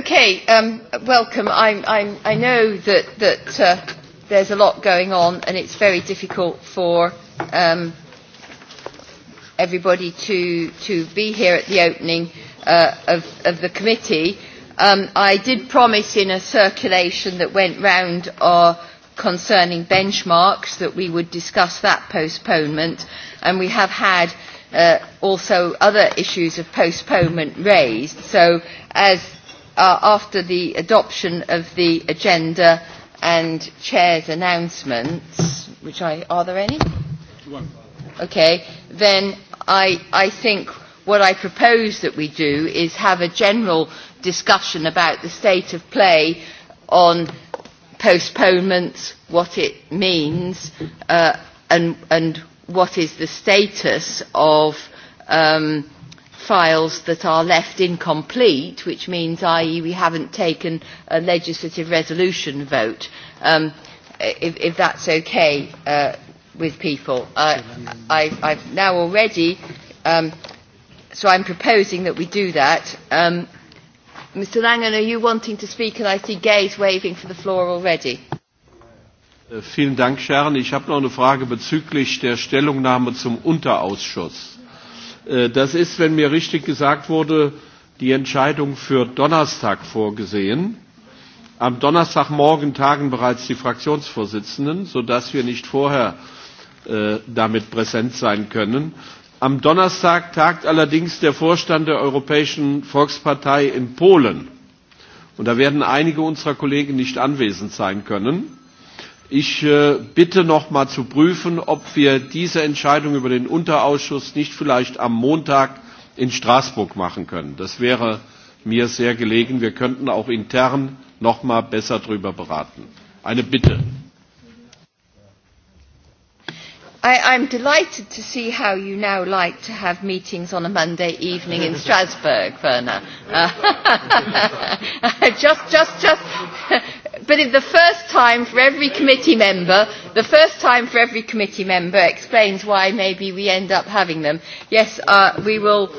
Okay, um, welcome. I'm, I'm, I know that, that uh, there's a lot going on and it's very difficult for um, everybody to, to be here at the opening uh, of, of the committee. Um, I did promise in a circulation that went round our concerning benchmarks that we would discuss that postponement and we have had uh, also other issues of postponement raised. So as after the adoption of the agenda and chair's announcements, which I, are there any? One. Okay, then I, I think what I propose that we do is have a general discussion about the state of play on postponements, what it means, uh, and, and what is the status of um, files that are left incomplete, which means, i.e., we haven't taken a legislative resolution vote, um, if, if that's okay uh, with people. Uh, I, I've now already, um, so I'm proposing that we do that. Um, Mr. Langen, are you wanting to speak? And I see Gays waving for the floor already. Vielen Dank, Sharon. Ich habe noch eine Frage bezüglich der Stellungnahme zum Unterausschuss Das ist, wenn mir richtig gesagt wurde, die Entscheidung für Donnerstag vorgesehen. Am Donnerstagmorgen tagen bereits die Fraktionsvorsitzenden, sodass wir nicht vorher damit präsent sein können. Am Donnerstag tagt allerdings der Vorstand der Europäischen Volkspartei in Polen. Und da werden einige unserer Kollegen nicht anwesend sein können. Ich bitte noch mal zu prüfen, ob wir diese Entscheidung über den Unterausschuss nicht vielleicht am Montag in Straßburg machen können. Das wäre mir sehr gelegen. Wir könnten auch intern noch mal besser darüber beraten. Eine Bitte. I, I'm delighted to see how you now like to have meetings on a Monday evening in Strasbourg, Werner. Uh, just, just, just, but if the first time for every committee member, the first time for every committee member explains why maybe we end up having them. Yes, uh, we will,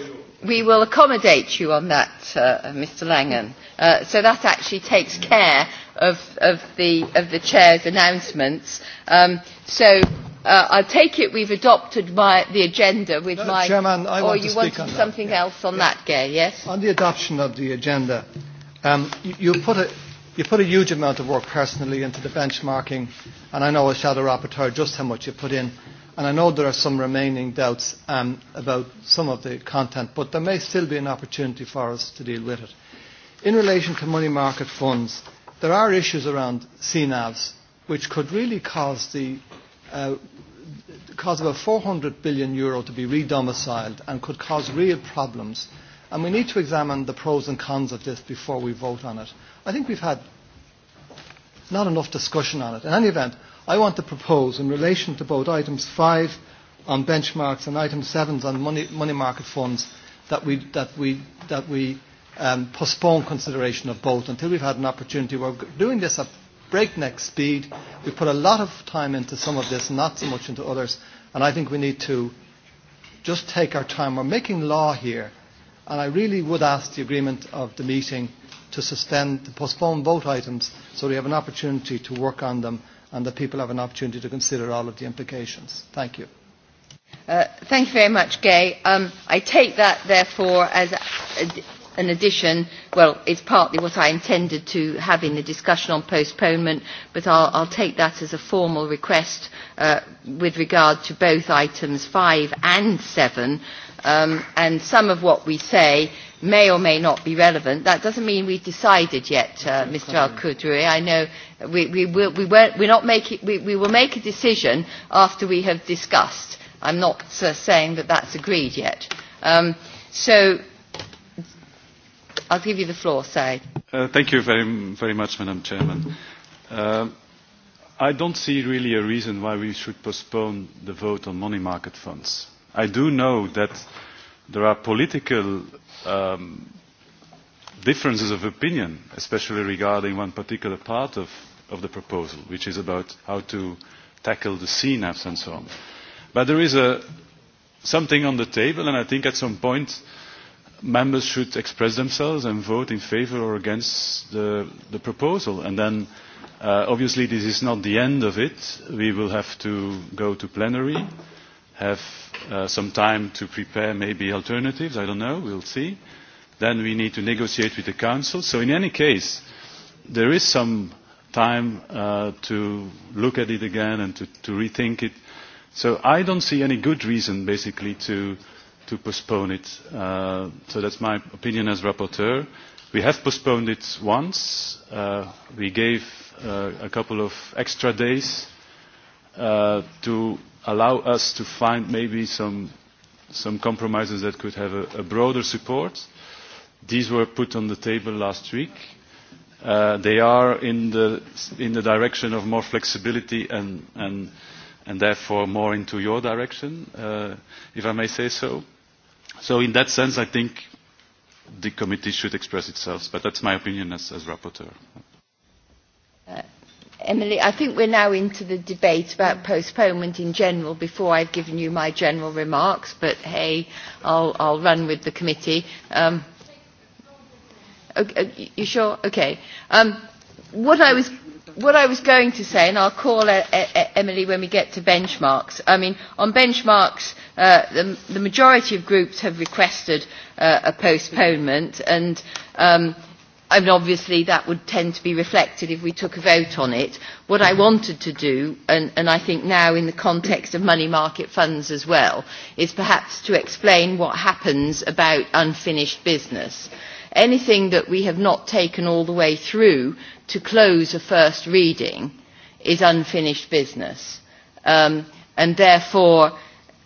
we will accommodate you on that, uh, Mr. Langen. Uh, so that actually takes care of, of, the, of the chair's announcements. Um, so uh, I take it we've adopted my, the agenda with no, my. Chairman, I or want you to speak wanted on something that. else on yeah. that, Gay? Yes. On the adoption of the agenda, um, you, you put a You put a huge amount of work personally into the benchmarking, and I know as Shadow Rapporteur just how much you put in. And I know there are some remaining doubts um, about some of the content, but there may still be an opportunity for us to deal with it. In relation to money market funds, there are issues around CNAVs which could really cause the uh, cause about 400 billion euro to be re-domiciled and could cause real problems. And we need to examine the pros and cons of this before we vote on it. I think we've had not enough discussion on it. In any event, I want to propose in relation to both items 5 on benchmarks and item 7 on money, money market funds that we, that we, that we um, postpone consideration of both until we've had an opportunity. We're doing this at breakneck speed. We've put a lot of time into some of this, not so much into others, and I think we need to just take our time. We're making law here, and I really would ask the agreement of the meeting – to suspend the postponed vote items so we have an opportunity to work on them and that people have an opportunity to consider all of the implications. Thank you. Uh, thank you very much, Gay. Um, I take that, therefore, as an addition. Well, it's partly what I intended to have in the discussion on postponement, but I'll, I'll take that as a formal request uh, with regard to both items 5 and 7 um, and some of what we say may or may not be relevant. That doesn't mean we've decided yet, uh, Mr. Al Kudri. I know we, we, will, we, won't, we're not making, we, we will make a decision after we have discussed. I'm not uh, saying that that's agreed yet. Um, so I'll give you the floor, Said. Uh, thank you very, very much, Madam Chairman. Uh, I don't see really a reason why we should postpone the vote on money market funds I do know that there are political um, differences of opinion, especially regarding one particular part of, of the proposal, which is about how to tackle the CNAPs and so on. But there is a, something on the table, and I think at some point members should express themselves and vote in favour or against the, the proposal. And then, uh, obviously, this is not the end of it. We will have to go to plenary have uh, some time to prepare maybe alternatives, I don't know, we'll see. Then we need to negotiate with the Council. So in any case, there is some time uh, to look at it again and to, to rethink it. So I don't see any good reason, basically, to, to postpone it. Uh, so that's my opinion as rapporteur. We have postponed it once. Uh, we gave uh, a couple of extra days uh, to allow us to find maybe some, some compromises that could have a, a broader support. These were put on the table last week. Uh, they are in the, in the direction of more flexibility and, and, and therefore more into your direction, uh, if I may say so. So in that sense, I think the committee should express itself, but that's my opinion as, as rapporteur. Emily, I think we're now into the debate about postponement in general before I've given you my general remarks, but hey, I'll, I'll run with the committee. Um, okay, you sure? Okay. Um, what I was what I was going to say, and I'll call a, a, Emily when we get to benchmarks. I mean, on benchmarks, uh, the, the majority of groups have requested uh, a postponement, and um, I mean, obviously that would tend to be reflected if we took a vote on it. What I wanted to do, and, and I think now in the context of money market funds as well, is perhaps to explain what happens about unfinished business. Anything that we have not taken all the way through to close a first reading is unfinished business. Um, and therefore,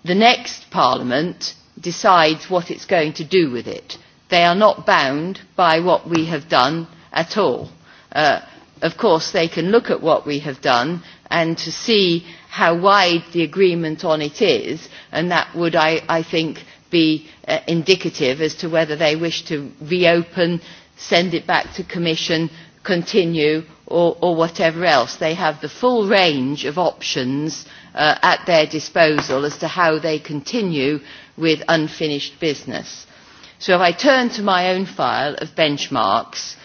the next Parliament decides what it's going to do with it They are not bound by what we have done at all. Uh, of course, they can look at what we have done and to see how wide the agreement on it is, and that would, I, I think, be uh, indicative as to whether they wish to reopen, send it back to Commission, continue, or, or whatever else. They have the full range of options uh, at their disposal as to how they continue with unfinished business. So if I turn to my own file of benchmarks,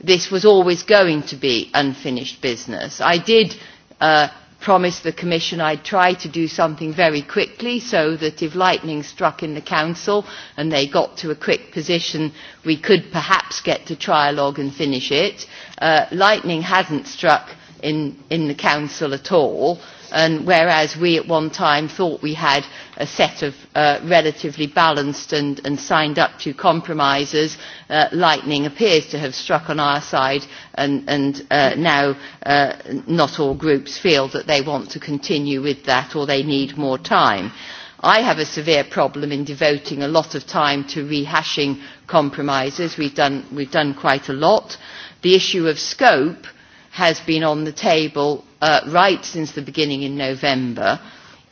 this was always going to be unfinished business. I did uh, promise the Commission I'd try to do something very quickly so that if lightning struck in the Council and they got to a quick position, we could perhaps get to trialogue and finish it. Uh, lightning hasn't struck in, in the Council at all and whereas we at one time thought we had a set of uh, relatively balanced and, and signed up to compromises, uh, lightning appears to have struck on our side and, and uh, now uh, not all groups feel that they want to continue with that or they need more time. I have a severe problem in devoting a lot of time to rehashing compromises. We've done, we've done quite a lot. The issue of scope has been on the table uh, right since the beginning in November.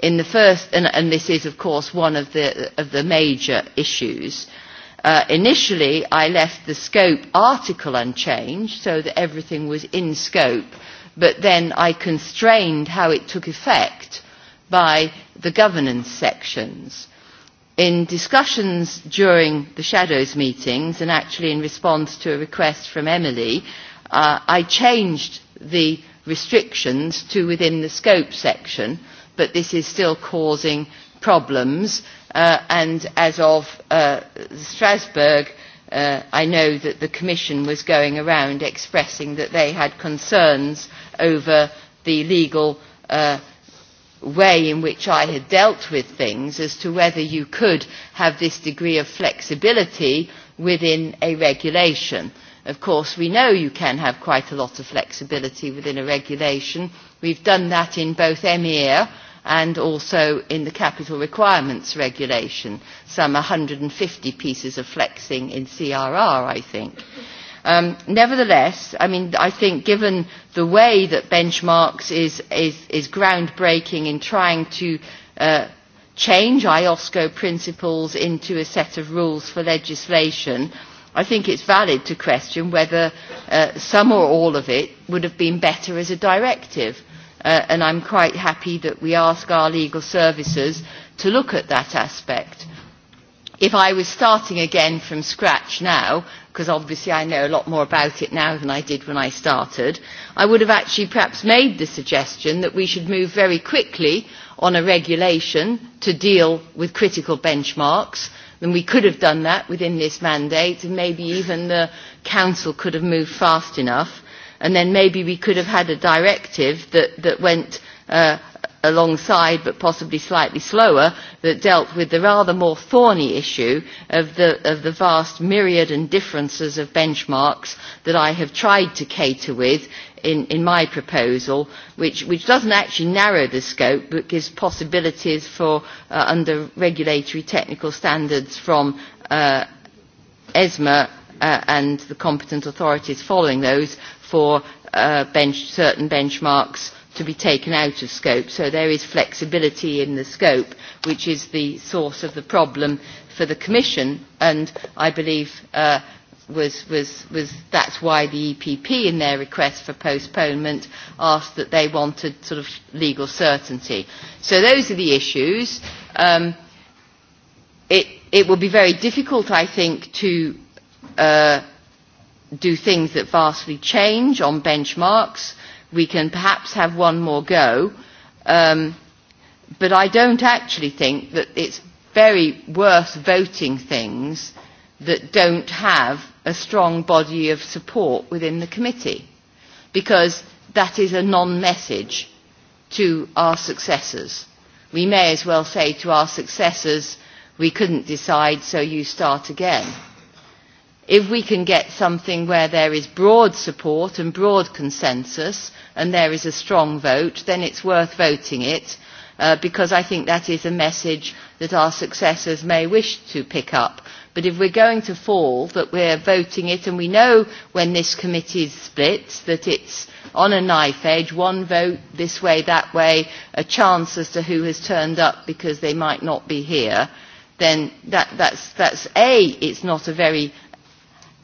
In the first, and, and this is of course one of the, of the major issues, uh, initially I left the scope article unchanged so that everything was in scope, but then I constrained how it took effect by the governance sections. In discussions during the shadows meetings and actually in response to a request from Emily, uh, I changed the restrictions to within the scope section, but this is still causing problems. Uh, and as of uh, Strasbourg, uh, I know that the Commission was going around expressing that they had concerns over the legal uh, way in which I had dealt with things as to whether you could have this degree of flexibility within a regulation Of course, we know you can have quite a lot of flexibility within a regulation. We've done that in both EMIR and also in the capital requirements regulation, some 150 pieces of flexing in CRR, I think. Um, nevertheless, I mean, I think given the way that benchmarks is, is, is groundbreaking in trying to uh, change IOSCO principles into a set of rules for legislation, I think it's valid to question whether uh, some or all of it would have been better as a directive. Uh, and I'm quite happy that we ask our legal services to look at that aspect. If I was starting again from scratch now, because obviously I know a lot more about it now than I did when I started, I would have actually perhaps made the suggestion that we should move very quickly on a regulation to deal with critical benchmarks then we could have done that within this mandate, and maybe even the Council could have moved fast enough, and then maybe we could have had a directive that, that went uh, alongside but possibly slightly slower that dealt with the rather more thorny issue of the, of the vast myriad and differences of benchmarks that I have tried to cater with in, in my proposal, which, which doesn't actually narrow the scope but gives possibilities for uh, under regulatory technical standards from uh, ESMA uh, and the competent authorities following those for uh, bench, certain benchmarks to be taken out of scope. So there is flexibility in the scope, which is the source of the problem for the Commission, and I believe uh, was, was, was that's why the EPP in their request for postponement asked that they wanted sort of legal certainty. So those are the issues. Um, it, it will be very difficult, I think, to uh, do things that vastly change on benchmarks. We can perhaps have one more go. Um, but I don't actually think that it's very worth voting things that don't have a strong body of support within the committee because that is a non-message to our successors. We may as well say to our successors, we couldn't decide, so you start again. If we can get something where there is broad support and broad consensus and there is a strong vote, then it's worth voting it uh, because I think that is a message that our successors may wish to pick up But if we're going to fall, that we're voting it, and we know when this committee is split that it's on a knife edge, one vote this way, that way, a chance as to who has turned up because they might not be here, then that, that's, that's A, it's not a very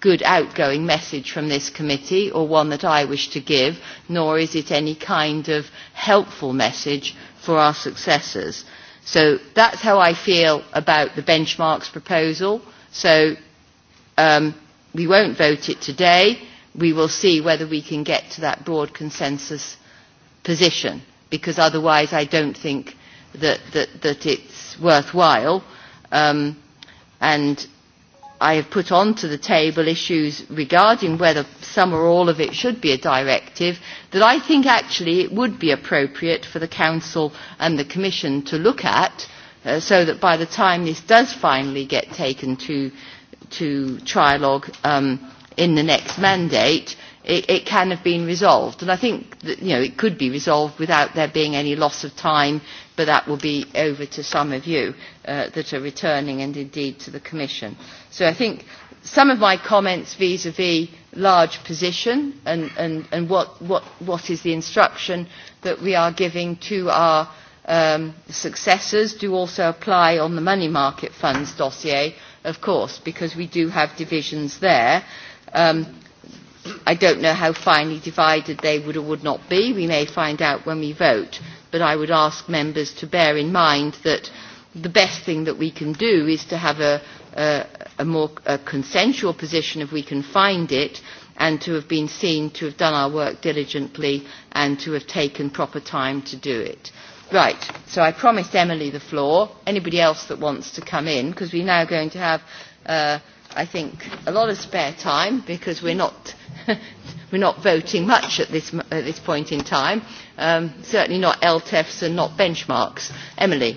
good outgoing message from this committee or one that I wish to give, nor is it any kind of helpful message for our successors. So that's how I feel about the benchmarks proposal. So um, we won't vote it today. We will see whether we can get to that broad consensus position, because otherwise I don't think that, that, that it's worthwhile. Um, and I have put onto the table issues regarding whether some or all of it should be a directive that I think actually it would be appropriate for the Council and the Commission to look at so that by the time this does finally get taken to, to trilogue um, in the next mandate, it, it can have been resolved. And I think that, you know, it could be resolved without there being any loss of time, but that will be over to some of you uh, that are returning and indeed to the Commission. So I think some of my comments vis-à-vis large position and, and, and what, what, what is the instruction that we are giving to our um, successors do also apply on the money market funds dossier, of course, because we do have divisions there. Um, I don't know how finely divided they would or would not be. We may find out when we vote, but I would ask members to bear in mind that the best thing that we can do is to have a, a, a more a consensual position if we can find it and to have been seen to have done our work diligently and to have taken proper time to do it. Right, so I promised Emily the floor. Anybody else that wants to come in, because we're now going to have, uh, I think, a lot of spare time because we're not, we're not voting much at this, at this point in time. Um, certainly not LTEFs and not benchmarks. Emily.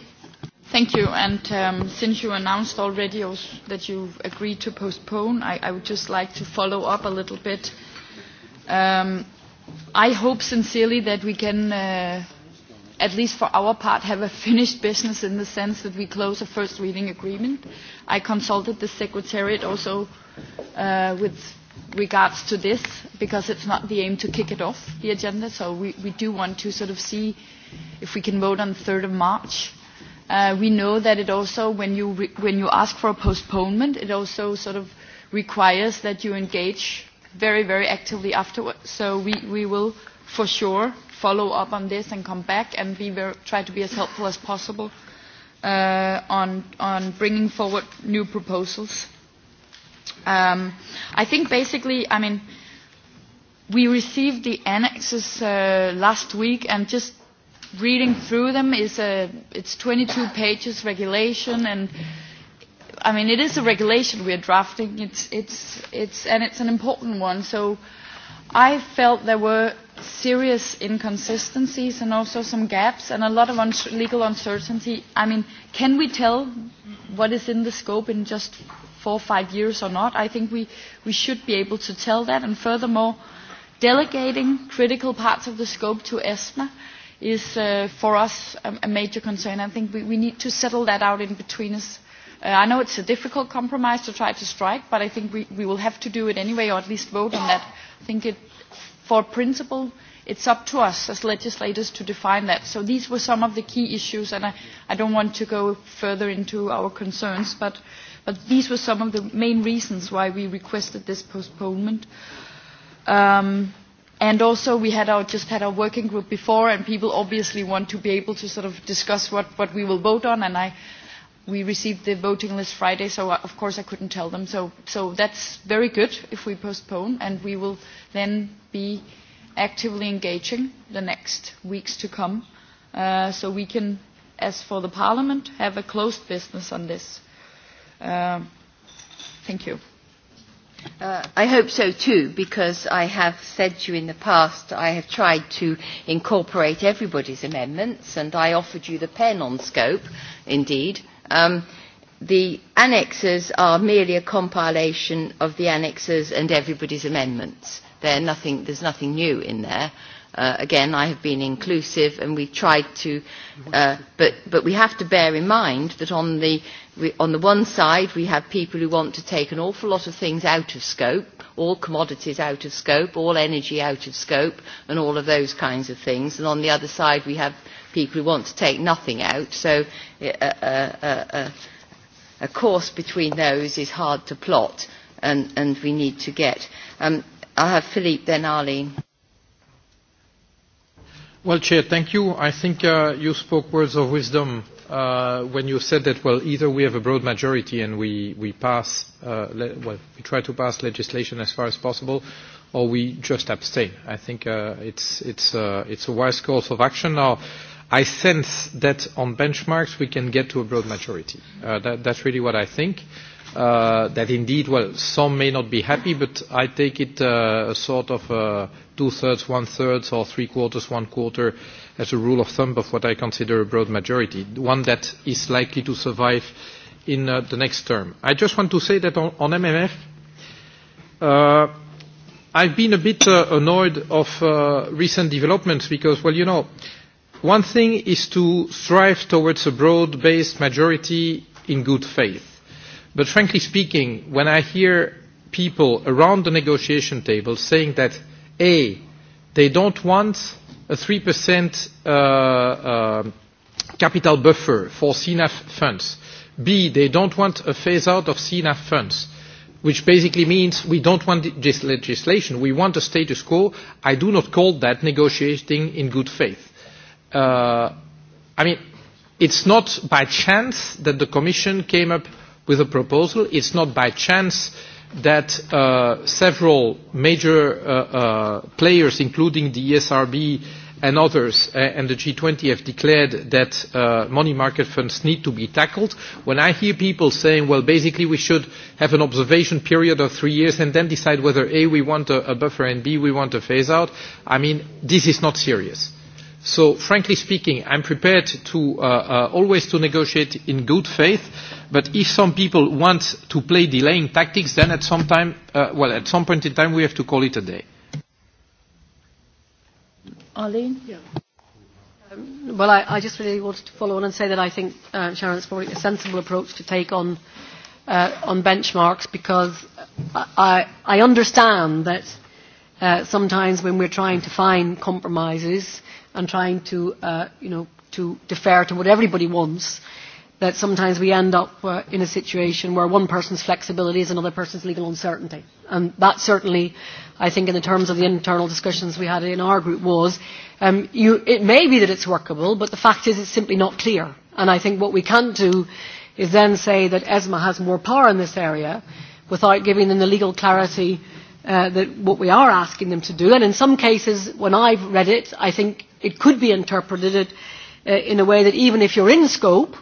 Thank you. And um, since you announced already that you agreed to postpone, I, I would just like to follow up a little bit. Um, I hope sincerely that we can. Uh, at least for our part, have a finished business in the sense that we close a first reading agreement. I consulted the Secretariat also uh, with regards to this because it's not the aim to kick it off the agenda so we, we do want to sort of see if we can vote on the 3rd of March. Uh, we know that it also when you re- when you ask for a postponement it also sort of requires that you engage very very actively afterwards so we, we will for sure follow up on this and come back, and we will try to be as helpful as possible uh, on, on bringing forward new proposals. Um, I think basically, I mean, we received the annexes uh, last week, and just reading through them is a, it's 22 pages regulation, and I mean, it is a regulation we are drafting. It's, it's, it's, and it's an important one. So I felt there were serious inconsistencies and also some gaps and a lot of uns legal uncertainty. I mean, can we tell what is in the scope in just four or five years or not? I think we, we should be able to tell that. And furthermore, delegating critical parts of the scope to ESMA is uh, for us a, a major concern. I think we, we need to settle that out in between us I know it's a difficult compromise to try to strike, but I think we, we will have to do it anyway, or at least vote on that. I think it, for principle, it's up to us as legislators to define that. So these were some of the key issues, and I, I don't want to go further into our concerns, but, but these were some of the main reasons why we requested this postponement. Um, and also we had our, just had our working group before, and people obviously want to be able to sort of discuss what, what we will vote on, and I, we received the voting list Friday, so of course I couldn't tell them. So, so that's very good if we postpone, and we will then be actively engaging the next weeks to come, uh, so we can, as for the Parliament, have a closed business on this. Uh, thank you. Uh, I hope so too, because I have said to you in the past I have tried to incorporate everybody's amendments, and I offered you the pen on scope, indeed Um, the annexes are merely a compilation of the annexes and everybody's amendments. They're nothing, there's nothing new in there. Uh, again, I have been inclusive and we've tried to, uh, but, but we have to bear in mind that on the, we, on the one side we have people who want to take an awful lot of things out of scope, all commodities out of scope, all energy out of scope, and all of those kinds of things. And on the other side we have people who want to take nothing out, so uh uh uh a course between those is hard to plot, and, and we need to get. Um, I have Philippe, then Arlene. Well, Chair, thank you. I think uh, you spoke words of wisdom uh, when you said that, well, either we have a broad majority and we, we pass, uh, le- well, we try to pass legislation as far as possible, or we just abstain. I think uh, it's, it's, uh, it's a wise course of action. Now, I sense that on benchmarks we can get to a broad majority. Uh, that, that's really what I think. Uh, that indeed, well, some may not be happy, but I take it uh, a sort of uh, two-thirds, one thirds or three-quarters, one-quarter as a rule of thumb of what I consider a broad majority, one that is likely to survive in uh, the next term. I just want to say that on, on MMF, uh, I've been a bit uh, annoyed of uh, recent developments because, well, you know, uh, One thing is to strive towards a broad-based majority in good faith. But frankly speaking, when I hear people around the negotiation table saying that, A, they don't want a 3% uh, uh, capital buffer for CNAF funds. B, they don't want a phase out of CNAF funds, which basically means we don't want this legislation. We want a status quo. I do not call that negotiating in good faith uh, I mean, it's not by chance that the Commission came up with a proposal. It's not by chance that uh, several major uh, uh, players, including the ESRB and others, uh, and the G20 have declared that uh, money market funds need to be tackled. When I hear people saying, well, basically we should have an observation period of three years and then decide whether A, we want a, a buffer and B, we want a phase out, I mean, this is not serious So frankly speaking, I'm prepared to uh, uh, always to negotiate in good faith, but if some people want to play delaying tactics, then at some time, uh, well, at some point in time, we have to call it a day. Arlene? Yeah. Um, well, I, I just really wanted to follow on and say that I think, uh, Sharon, it's probably a sensible approach to take on, uh, on benchmarks because I, I understand that uh, sometimes when we're trying to find compromises and trying to, uh, you know, to defer to what everybody wants, that sometimes we end up uh, in a situation where one person's flexibility is another person's legal uncertainty. And that certainly, I think, in the terms of the internal discussions we had in our group, was um, you, it may be that it's workable, but the fact is it's simply not clear. And I think what we can do is then say that ESMA has more power in this area without giving them the legal clarity uh, that what we are asking them to do. And in some cases, when I've read it, I think it could be interpreted uh, in a way that even if you're in scope,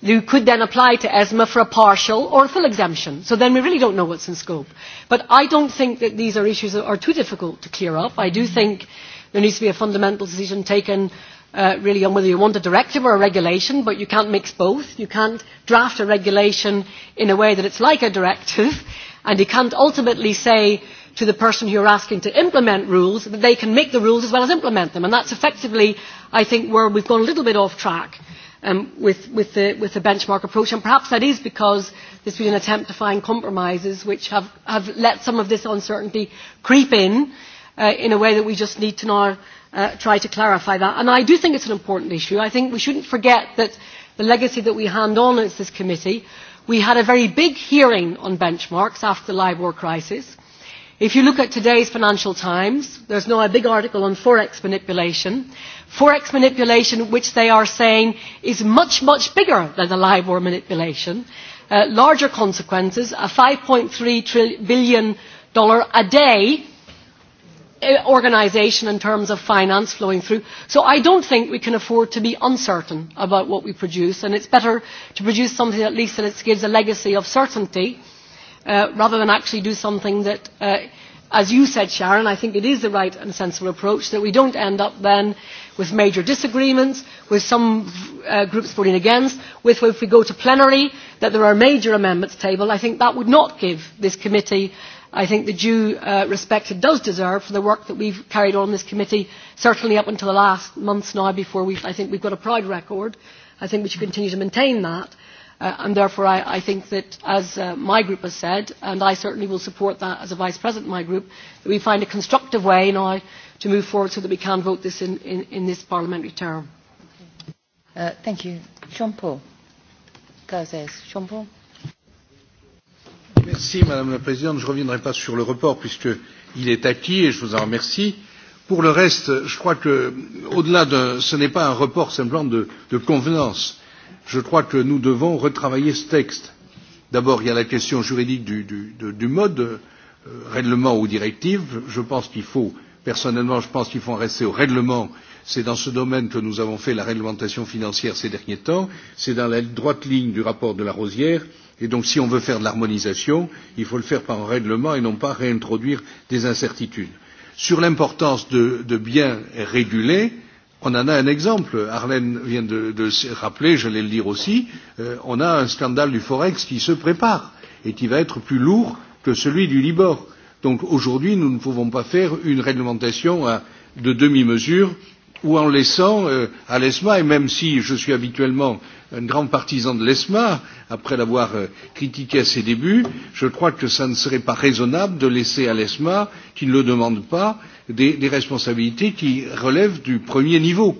you could then apply to ESMA for a partial or a full exemption. So then we really don't know what's in scope. But I don't think that these are issues that are too difficult to clear up. I do think there needs to be a fundamental decision taken uh, really on whether you want a directive or a regulation, but you can't mix both. You can't draft a regulation in a way that it's like a directive And you cannot ultimately say to the person who are asking to implement rules that they can make the rules as well as implement them. That is effectively, I think, where have gone a little bit off track um, with, with, the, with the benchmark approach. And perhaps that is because there has been an attempt to find compromises which have, have let some of this uncertainty creep in uh, in a way that we just need to now uh, try to clarify that. And I do think it's an important issue. I think we shouldn't forget that the legacy that we hand on as this committee We had a very big hearing on benchmarks after the LIBOR crisis. If you look at today's Financial Times, there's now a big article on forex manipulation. Forex manipulation, which they are saying is much, much bigger than the LIBOR manipulation. Uh, larger consequences, a $5.3 billion a day organisation in terms of finance flowing through. So I do not think we can afford to be uncertain about what we produce, and it is better to produce something that at least that gives a legacy of certainty rather than actually do something that, as you said, Sharon, I think it is the right and sensible approach, that we do not end up then with major disagreements, with some uh, groups voting against, with if we go to plenary that there are major amendments tabled, I think that would not give this committee I think the due uh, respect it does deserve for the work that we've carried on this committee, certainly up until the last months now before we, I think we've got a proud record. I think we should continue to maintain that. Uh, and therefore I, I think that as uh, my group has said, and I certainly will support that as a Vice President of my group, that we find a constructive way now to move forward so that we can vote this in, in, in this parliamentary term. Uh, thank you. Jean-Paul. Jean-Paul. Merci Madame la Présidente. Je ne reviendrai pas sur le report puisqu'il est acquis et je vous en remercie. Pour le reste, je crois que, au-delà de, ce n'est pas un report simplement de, de convenance. Je crois que nous devons retravailler ce texte. D'abord, il y a la question juridique du, du, du, du mode, euh, règlement ou directive. Je pense qu'il faut Personnellement, je pense qu'il faut en rester au règlement. C'est dans ce domaine que nous avons fait la réglementation financière ces derniers temps. C'est dans la droite ligne du rapport de Larosière Et donc, si on veut faire de l'harmonisation, il faut le faire par un règlement et non pas réintroduire des incertitudes. Sur l'importance de, de bien réguler, on en a un exemple. Arlène vient de, de se rappeler, j'allais le dire aussi, euh, on a un scandale du Forex qui se prépare et qui va être plus lourd que celui du Libor Donc aujourd'hui, nous ne pouvons pas faire une réglementation de demi-mesure ou en laissant à l'ESMA, et même si je suis habituellement un grand partisan de l'ESMA, après l'avoir critiqué à ses débuts, je crois que ça ne serait pas raisonnable de laisser à l'ESMA, qui ne le demande pas, des, des responsabilités qui relèvent du premier niveau.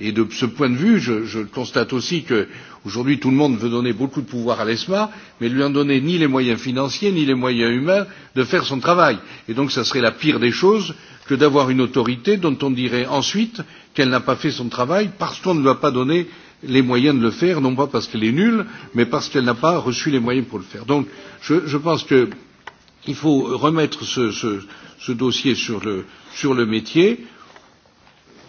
Et de ce point de vue, je, je constate aussi que Aujourd'hui, tout le monde veut donner beaucoup de pouvoir à l'ESMA, mais lui en donner ni les moyens financiers ni les moyens humains de faire son travail. Et donc, ça serait la pire des choses que d'avoir une autorité dont on dirait ensuite qu'elle n'a pas fait son travail parce qu'on ne lui a pas donné les moyens de le faire, non pas parce qu'elle est nulle, mais parce qu'elle n'a pas reçu les moyens pour le faire. Donc, je, je pense qu'il faut remettre ce, ce, ce dossier sur le, sur le métier.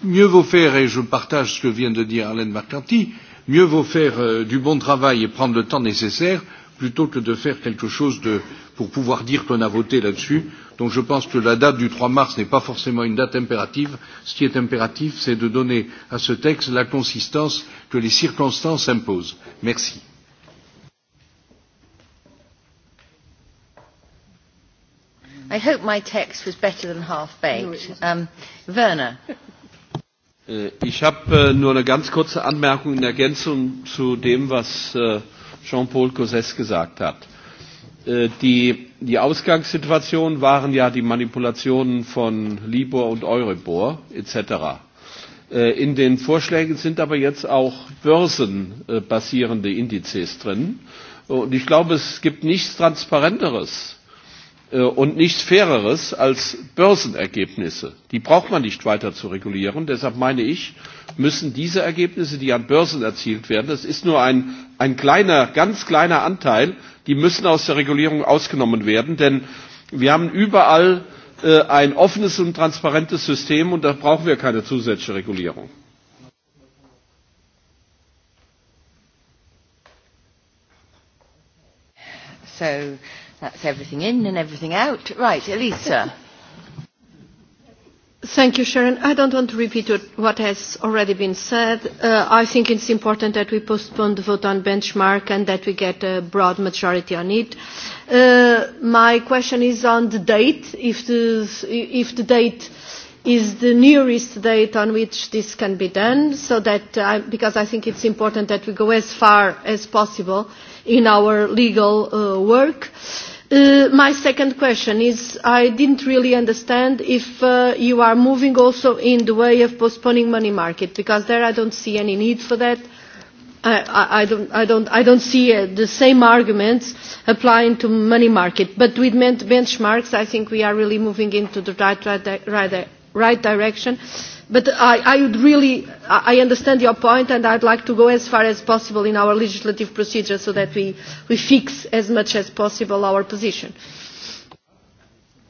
Mieux vaut faire, et je partage ce que vient de dire Alain Marcanti, mieux vaut faire du bon travail et prendre le temps nécessaire plutôt que de faire quelque chose de, pour pouvoir dire qu'on a voté là-dessus. Donc je pense que la date du 3 mars n'est pas forcément une date impérative. Ce qui est impératif, c'est de donner à ce texte la consistance que les circonstances imposent. Merci. I hope my text was better than half baked. Um, Werner. Ich habe nur eine ganz kurze Anmerkung in Ergänzung zu dem, was Jean-Paul Gauzès gesagt hat. Die, die Ausgangssituation waren ja die Manipulationen von Libor und Euribor etc. In den Vorschlägen sind aber jetzt auch börsenbasierende Indizes drin. Und ich glaube, es gibt nichts Transparenteres und nichts Faireres als Börsenergebnisse. Die braucht man nicht weiter zu regulieren. Deshalb meine ich, müssen diese Ergebnisse, die an Börsen erzielt werden, das ist nur ein, ein kleiner, ganz kleiner Anteil, die müssen aus der Regulierung ausgenommen werden, denn wir haben überall äh, ein offenes und transparentes System und da brauchen wir keine zusätzliche Regulierung. So, That's everything in and everything out. Right, Elisa. Thank you, Sharon. I don't want to repeat what has already been said. Uh, I think it's important that we postpone the vote on benchmark and that we get a broad majority on it. Uh, my question is on the date, if the, if the date is the nearest date on which this can be done, so that I, because I think it's important that we go as far as possible in our legal uh, work. Uh, my second question is, I didn't really understand if uh, you are moving also in the way of postponing money market, because there I don't see any need for that. I, I, don't, I, don't, I don't see uh, the same arguments applying to money market. But with benchmarks, I think we are really moving into the right, right, right, right direction. Uh, But I, I would really, I understand your point and I'd like to go as far as possible in our legislative procedure so that we, we fix as much as possible our position.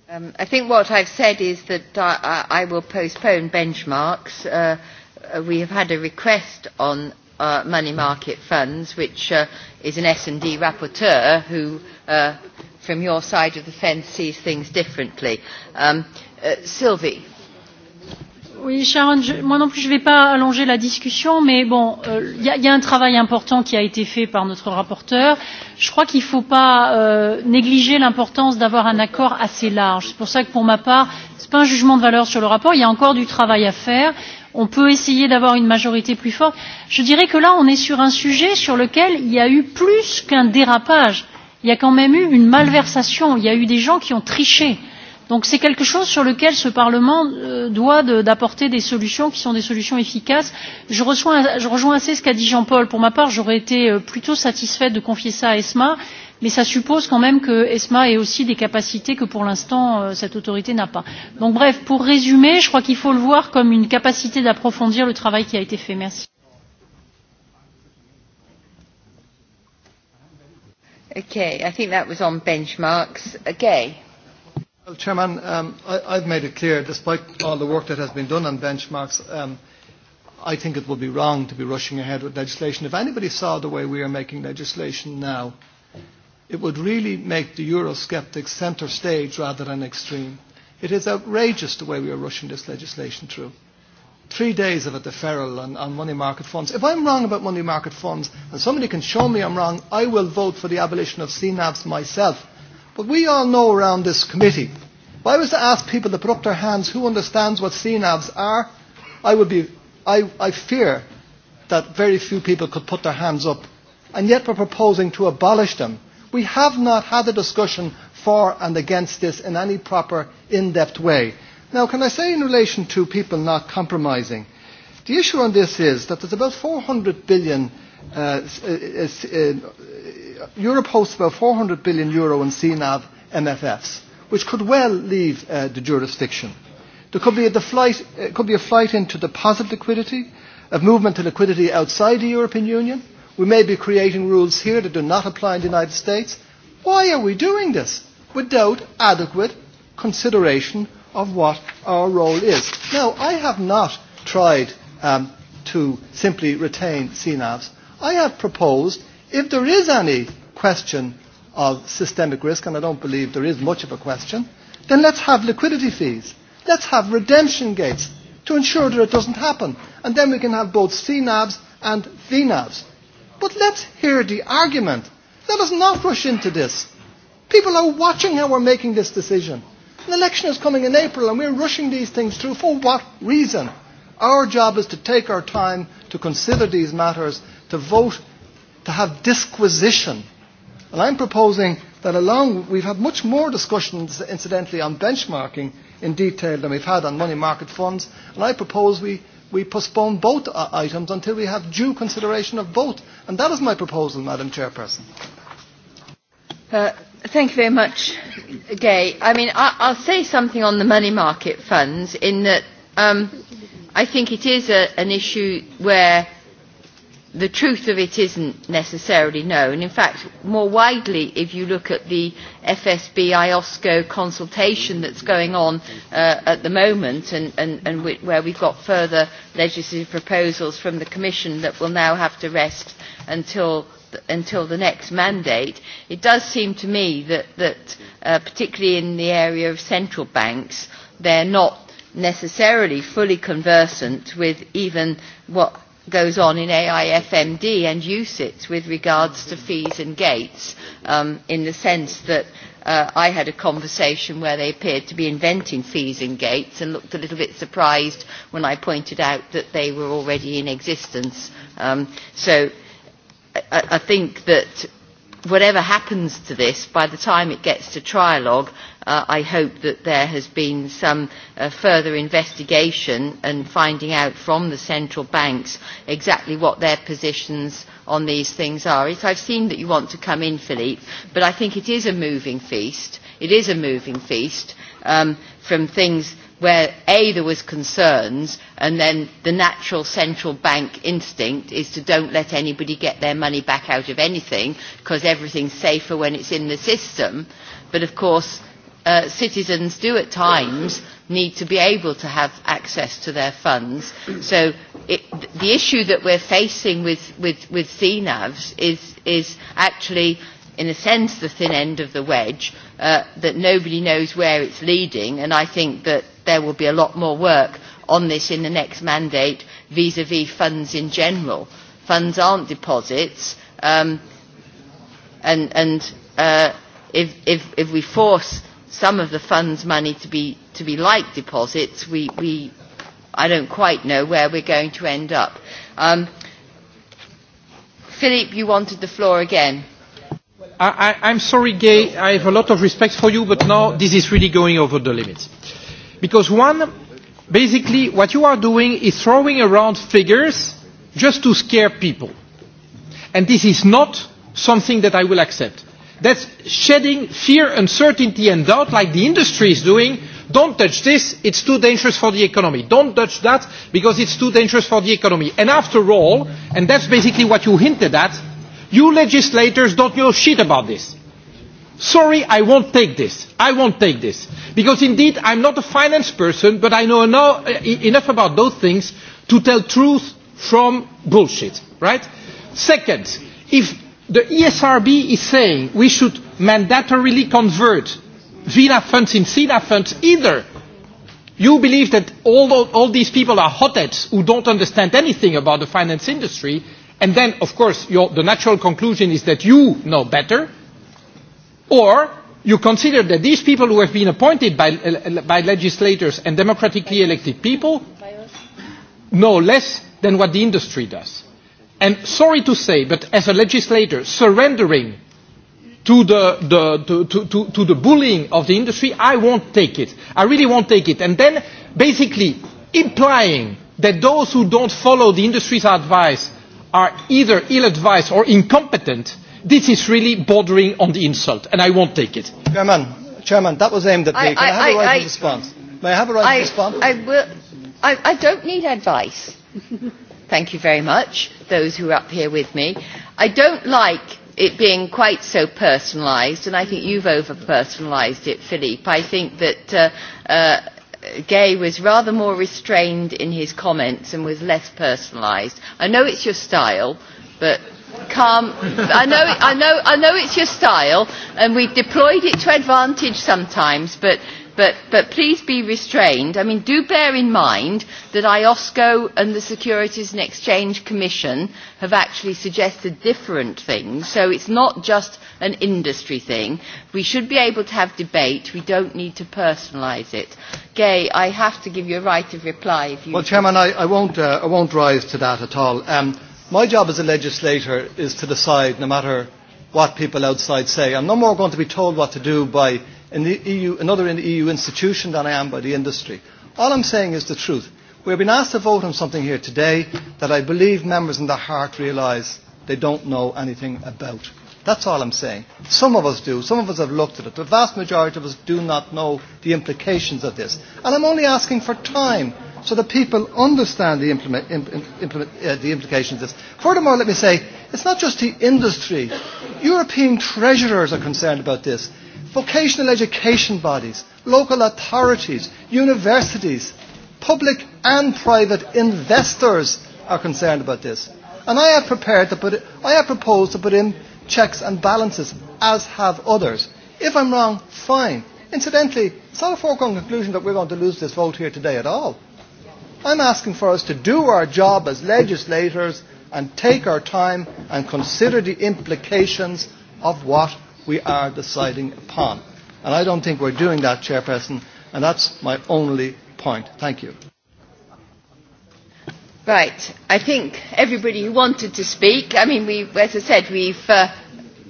Um, I think what I've said is that I, I will postpone benchmarks. Uh, we have had a request on uh, money market funds, which uh, is an S&D rapporteur who, uh, from your side of the fence, sees things differently. Um, uh, Sylvie Oui, Sharon, je, moi non plus, je ne vais pas allonger la discussion, mais bon, il euh, y, a, y a un travail important qui a été fait par notre rapporteur. Je crois qu'il ne faut pas euh, négliger l'importance d'avoir un accord assez large. C'est pour ça que, pour ma part, ce n'est pas un jugement de valeur sur le rapport. Il y a encore du travail à faire on peut essayer d'avoir une majorité plus forte. Je dirais que là, on est sur un sujet sur lequel il y a eu plus qu'un dérapage. Il y a quand même eu une malversation. Il y a eu des gens qui ont triché. Euh, Donc c'est quelque chose sur lequel ce Parlement doit d'apporter de, des solutions qui sont des solutions efficaces. Je, reçois, je rejoins assez ce qu'a dit Jean-Paul. Pour ma part, j'aurais été plutôt satisfaite de confier ça à ESMA, mais ça suppose quand même que ESMA ait aussi des capacités que pour l'instant cette autorité n'a pas. Donc bref, pour résumer, je crois qu'il faut le voir comme une capacité d'approfondir le travail qui a été fait. Merci. Okay, I think that was on benchmarks. Okay. Well, Chairman, um, I, I've made it clear, despite all the work that has been done on benchmarks, um, I think it would be wrong to be rushing ahead with legislation. If anybody saw the way we are making legislation now, it would really make the Eurosceptics centre stage rather than extreme. It is outrageous the way we are rushing this legislation through. Three days of a deferral on, on money market funds. If I'm wrong about money market funds and somebody can show me I'm wrong, I will vote for the abolition of CNAVs myself But we all know around this committee, if I was to ask people to put up their hands who understands what CNAVs are, I, would be, I, I fear that very few people could put their hands up. And yet we're proposing to abolish them. We have not had a discussion for and against this in any proper in-depth way. Now, can I say in relation to people not compromising, the issue on this is that there's about 400 billion uh, Europe hosts about 400 billion euro in CNAV MFFs, which could well leave uh, the jurisdiction. There could be, a deflight, uh, could be a flight into deposit liquidity, a movement to liquidity outside the European Union. We may be creating rules here that do not apply in the United States. Why are we doing this? Without adequate consideration of what our role is. Now, I have not tried um, to simply retain CNAVs. I have proposed if there is any question of systemic risk, and I don't believe there is much of a question, then let's have liquidity fees. Let's have redemption gates to ensure that it doesn't happen. And then we can have both CNAVs and VNAVs. But let's hear the argument. Let us not rush into this. People are watching how we're making this decision. An election is coming in April and we're rushing these things through. For what reason? Our job is to take our time to consider these matters, to vote to have disquisition. And I'm proposing that along, we've had much more discussions, incidentally, on benchmarking in detail than we've had on money market funds. And I propose we, we postpone both items until we have due consideration of both. And that is my proposal, Madam Chairperson. Uh, thank you very much, Gay. I mean, I, I'll say something on the money market funds in that um, I think it is a, an issue where the truth of it isn't necessarily known. In fact, more widely, if you look at the FSB IOSCO consultation that's going on uh, at the moment and, and, and we, where we've got further legislative proposals from the Commission that will now have to rest until until the next mandate, it does seem to me that, that uh, particularly in the area of central banks, they're not necessarily fully conversant with even what goes on in AIFMD and USITS with regards to fees and gates, um, in the sense that uh, I had a conversation where they appeared to be inventing fees and gates and looked a little bit surprised when I pointed out that they were already in existence. Um, so I, I think that whatever happens to this, by the time it gets to trialogue, uh, I hope that there has been some uh, further investigation and finding out from the central banks exactly what their positions on these things are. It's, I've seen that you want to come in, Philippe, but I think it is a moving feast. It is a moving feast um, from things where A, there was concerns, and then the natural central bank instinct is to don't let anybody get their money back out of anything, because everything's safer when it's in the system. But of course, uh, citizens do at times need to be able to have access to their funds. So it, the issue that we're facing with, with, with CNAVs is, is actually, in a sense, the thin end of the wedge, uh, that nobody knows where it's leading. And I think that there will be a lot more work on this in the next mandate vis-à-vis funds in general. Funds aren't deposits, um, and, and uh, if, if, if we force some of the funds money to be, to be like deposits, we, we, I don't quite know where we're going to end up. Um, Philippe, you wanted the floor again. I, I, I'm sorry, Gay. I have a lot of respect for you, but now this is really going over the limits. Because one, basically what you are doing is throwing around figures just to scare people. And this is not something that I will accept. That's shedding fear, uncertainty and doubt like the industry is doing. Don't touch this, it's too dangerous for the economy. Don't touch that because it's too dangerous for the economy. And after all, and that's basically what you hinted at, you legislators don't know shit about this sorry i won't take this i won't take this because indeed i'm not a finance person but i know enough about those things to tell truth from bullshit right second if the esrb is saying we should mandatorily convert vina funds in sina funds either you believe that all, all these people are hotheads who don't understand anything about the finance industry and then of course your, the natural conclusion is that you know better Or you consider that these people who have been appointed by, by legislators and democratically elected people know less than what the industry does. And sorry to say, but as a legislator, surrendering to the, the, to, to, to, to the bullying of the industry, I won't take it. I really won't take it. And then basically implying that those who don't follow the industry's advice are either ill-advised or incompetent This is really bordering on the insult, and I won't take it. Chairman, Chairman that was aimed at me. Can I, I, I have a right I, response? May I have a right I, of response? I, will, I, I don't need advice. Thank you very much, those who are up here with me. I don't like it being quite so personalised, and I think you've over personalised it, Philippe. I think that uh, uh, Gay was rather more restrained in his comments and was less personalised. I know it's your style, but calm. I know, I know, I know it's your style, and we've deployed it to advantage sometimes, but. But, but please be restrained. I mean, do bear in mind that IOSCO and the Securities and Exchange Commission have actually suggested different things, so it's not just an industry thing. We should be able to have debate. We don't need to personalise it. Gay, I have to give you a right of reply. If you well, Chairman, I, I, won't, uh, I won't rise to that at all. Um, My job as a legislator is to decide, no matter what people outside say. I'm no more going to be told what to do by in the EU, another in the EU institution than I am by the industry. All I'm saying is the truth. We have been asked to vote on something here today that I believe members in their heart realise they don't know anything about. That's all I'm saying. Some of us do. Some of us have looked at it. The vast majority of us do not know the implications of this. And I'm only asking for time so that people understand the, implement, implement, uh, the implications of this. Furthermore, let me say, it's not just the industry. European treasurers are concerned about this. Vocational education bodies, local authorities, universities, public and private investors are concerned about this. And I have prepared to put it, I have proposed to put in checks and balances, as have others. If I'm wrong, fine. Incidentally, it's not a foregone conclusion that we're going to lose this vote here today at all. I'm asking for us to do our job as legislators and take our time and consider the implications of what we are deciding upon. And I don't think we're doing that, Chairperson, and that's my only point. Thank you. Right. I think everybody who wanted to speak, I mean, we, as I said, we've, uh,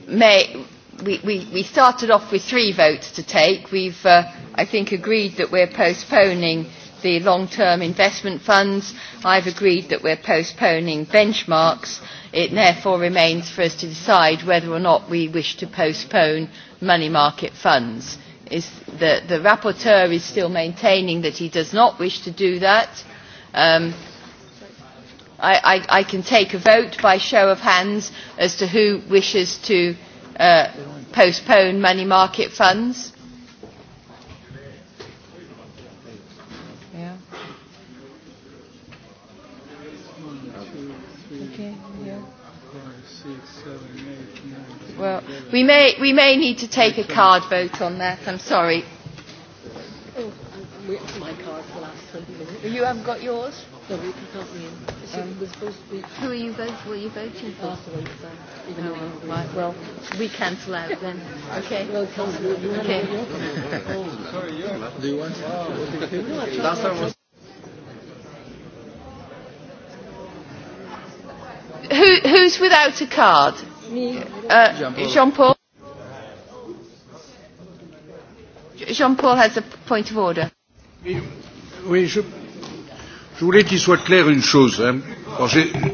may, we, we, we started off with three votes to take. We've, uh, I think, agreed that we're postponing the long-term investment funds. I have agreed that we are postponing benchmarks. It therefore remains for us to decide whether or not we wish to postpone money market funds. Is the, the rapporteur is still maintaining that he does not wish to do that. Um, I, I, I can take a vote by show of hands as to who wishes to uh, postpone money market funds. Well, we may, we may need to take a card vote on that. I'm sorry. Oh, my card last You haven't got yours? No, we can me in. Um, was supposed to be... Who are you, vote, were are you voting for? so even oh, well, right, well, we cancel out then. Okay. Well, cancel. Okay. sorry, Do you want? Last time was who, who's without a card? Jean-Paul. Jean-Paul has a point of order. Oui, je, je voulais qu'il soit clair une chose. Hein. Alors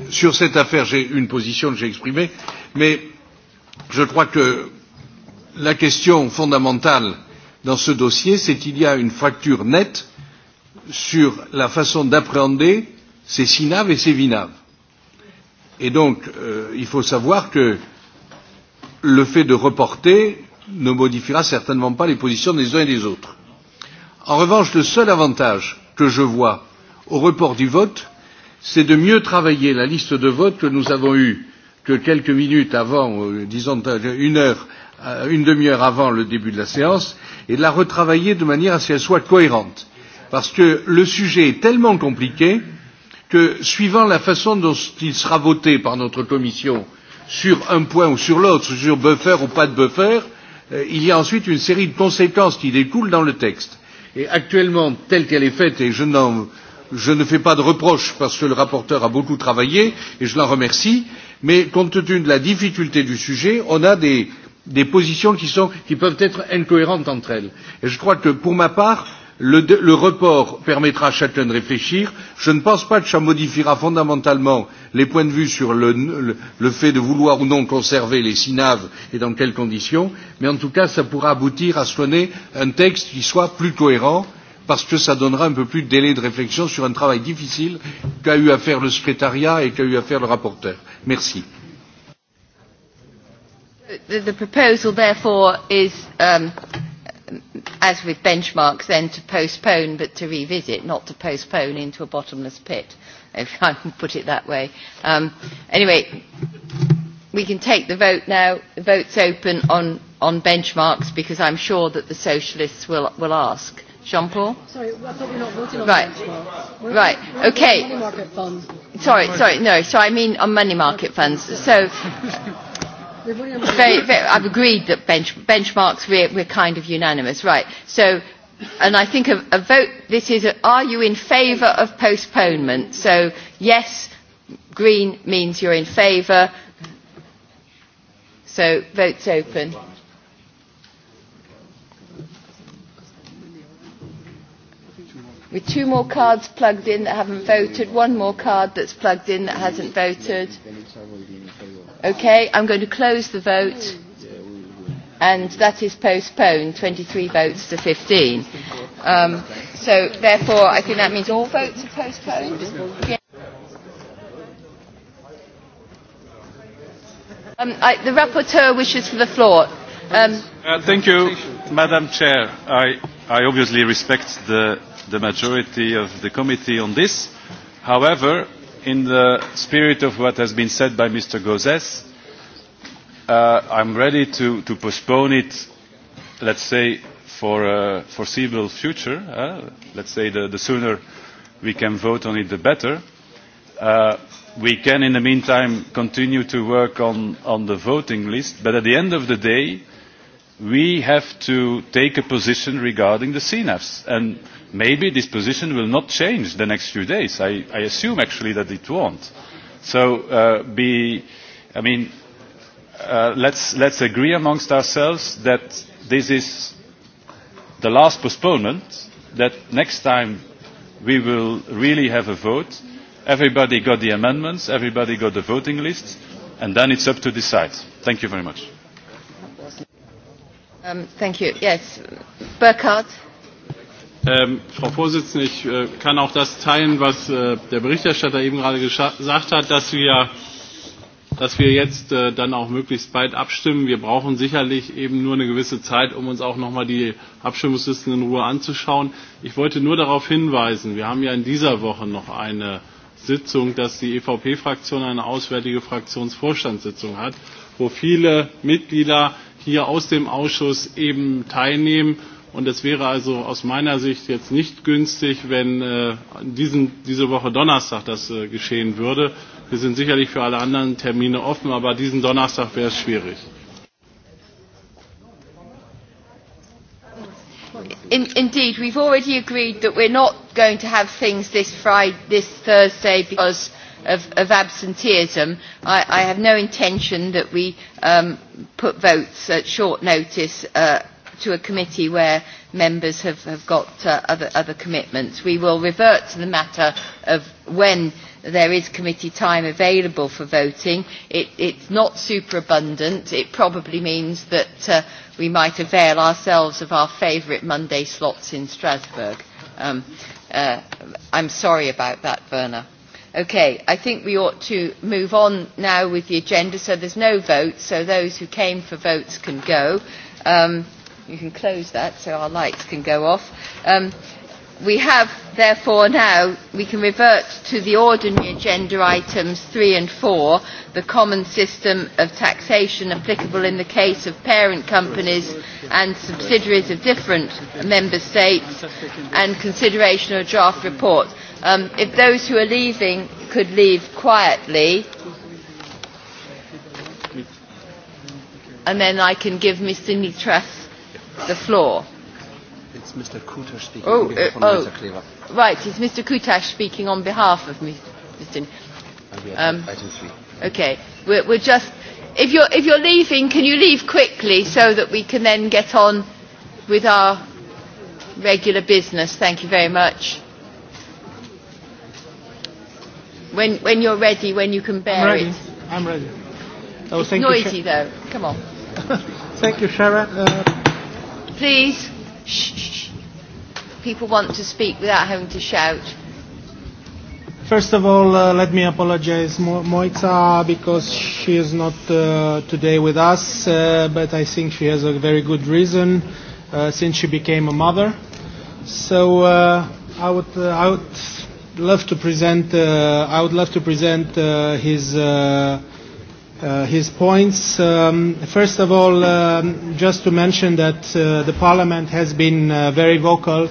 sur cette affaire, j'ai une position que j'ai exprimée, mais je crois que la question fondamentale dans ce dossier, c'est qu'il y a une fracture nette sur la façon d'appréhender ces SINAV et ces VINAV Et donc, euh, il faut savoir que le fait de reporter ne modifiera certainement pas les positions des uns et des autres. En revanche, le seul avantage que je vois au report du vote, c'est de mieux travailler la liste de votes que nous avons eue que quelques minutes avant, disons une heure, une demi-heure avant le début de la séance, et de la retravailler de manière à ce qu'elle soit cohérente. Parce que le sujet est tellement compliqué euh, que, suivant la façon dont il sera voté par notre commission sur un point ou sur l'autre, sur buffer ou pas de buffer, il y a ensuite une série de conséquences qui découlent dans le texte. Et actuellement, telle qu'elle est faite, et je, je ne fais pas de reproche parce que le rapporteur a beaucoup travaillé et je l'en remercie, mais compte tenu de la difficulté du sujet, on a des, des positions qui, sont, qui peuvent être incohérentes entre elles. Et je crois que pour ma part, Le, le report permettra à chacun de réfléchir. Je ne pense pas que ça modifiera fondamentalement les points de vue sur le, le, le fait de vouloir ou non conserver les SINAV et dans quelles conditions, mais en tout cas, ça pourra aboutir à soigner un texte qui soit plus cohérent parce que ça donnera un peu plus de délai de réflexion sur un travail difficile qu'a eu à faire le secrétariat et qu'a eu à faire le rapporteur. Merci. The proposal therefore is um, as with benchmarks, then to postpone but to revisit, not to postpone into a bottomless pit, if I can put it that way. Um, anyway, we can take the vote now. The vote's open on, on benchmarks because I'm sure that the socialists will, will ask. Jean-Paul? Sorry, I thought we were not voting on right. benchmarks. We're right, we're okay. Money market funds. Sorry, sorry, no, so I mean on money market funds. So Very, very, I've agreed that bench, benchmarks, we're, we're kind of unanimous. Right. So, and I think a, a vote, this is, a, are you in favour of postponement? So, yes, green means you're in favour. So, vote's open. with two more cards plugged in that haven't voted, one more card that's plugged in that hasn't voted. Okay, I'm going to close the vote. And that is postponed, 23 votes to 15. Um, so therefore, I think that means all votes are postponed. Yeah. Um, I, the rapporteur wishes for the floor. Um, uh, thank you, Madam Chair. I, I obviously respect the, the majority of the committee on this. However, in the spirit of what has been said by Mr. Gauzès, uh, I'm ready to, to postpone it, let's say, for a foreseeable future. Uh, let's say the, the sooner we can vote on it, the better. Uh, we can, in the meantime, continue to work on, on the voting list, but at the end of the day, we have to take a position regarding the CNAFs. And maybe this position will not change the next few days. I, I assume actually that it won't. So uh, be, I mean, uh, let's, let's agree amongst ourselves that this is the last postponement, that next time we will really have a vote. Everybody got the amendments, everybody got the voting lists, and then it's up to decide. Thank you very much. Um, thank you. Yes, Burkhardt. Ähm, Frau Vorsitzende, ich äh, kann auch das teilen, was äh, der Berichterstatter eben gerade gesagt hat, dass wir, dass wir jetzt äh, dann auch möglichst bald abstimmen. Wir brauchen sicherlich eben nur eine gewisse Zeit, um uns auch nochmal die Abstimmungslisten in Ruhe anzuschauen. Ich wollte nur darauf hinweisen, wir haben ja in dieser Woche noch eine Sitzung, dass die EVP-Fraktion eine auswärtige Fraktionsvorstandssitzung hat, wo viele Mitglieder hier aus dem Ausschuss eben teilnehmen Und es wäre also aus meiner Sicht jetzt nicht günstig, wenn äh, diesen, diese Woche Donnerstag das äh, geschehen würde. Wir sind sicherlich für alle anderen Termine offen, aber diesen Donnerstag wäre es schwierig. In, indeed, we've already agreed that we're not going to have things this, Friday, this Thursday because of, of absenteeism. I, I have no intention that we um, put votes at short notice uh, to a committee where members have, have got uh, other, other commitments. We will revert to the matter of when there is committee time available for voting. It, it's not superabundant. It probably means that uh, we might avail ourselves of our favourite Monday slots in Strasbourg. Um, uh, I'm sorry about that, Werner. Okay, I think we ought to move on now with the agenda, so there's no vote, so those who came for votes can go. Um, You can close that so our lights can go off. Um, we have, therefore, now, we can revert to the ordinary agenda items three and four, the common system of taxation applicable in the case of parent companies and subsidiaries of different member states, and consideration of a draft report. Um, if those who are leaving could leave quietly, and then I can give Mr Nitras the floor. It's Mr. Kutash speaking. Oh, on behalf uh, of oh. Mr. right. It's Mr. Kutash speaking on behalf of Mr. Um, item three. Okay. We're, we're just. If you're if you're leaving, can you leave quickly so that we can then get on with our regular business? Thank you very much. When when you're ready, when you can bear I'm ready. it. I'm ready. Oh, it's thank noisy you, though. Come on. thank you, Sharon. Uh, please. Shh, shh. People want to speak without having to shout. First of all, uh, let me apologize Mo Moitza because she is not uh, today with us, uh, but I think she has a very good reason uh, since she became a mother. So uh, I would uh, I would love to present uh, I would love to present uh, his. Uh, uh, his points. Um, first of all, um, just to mention that uh, the Parliament has been uh, very vocal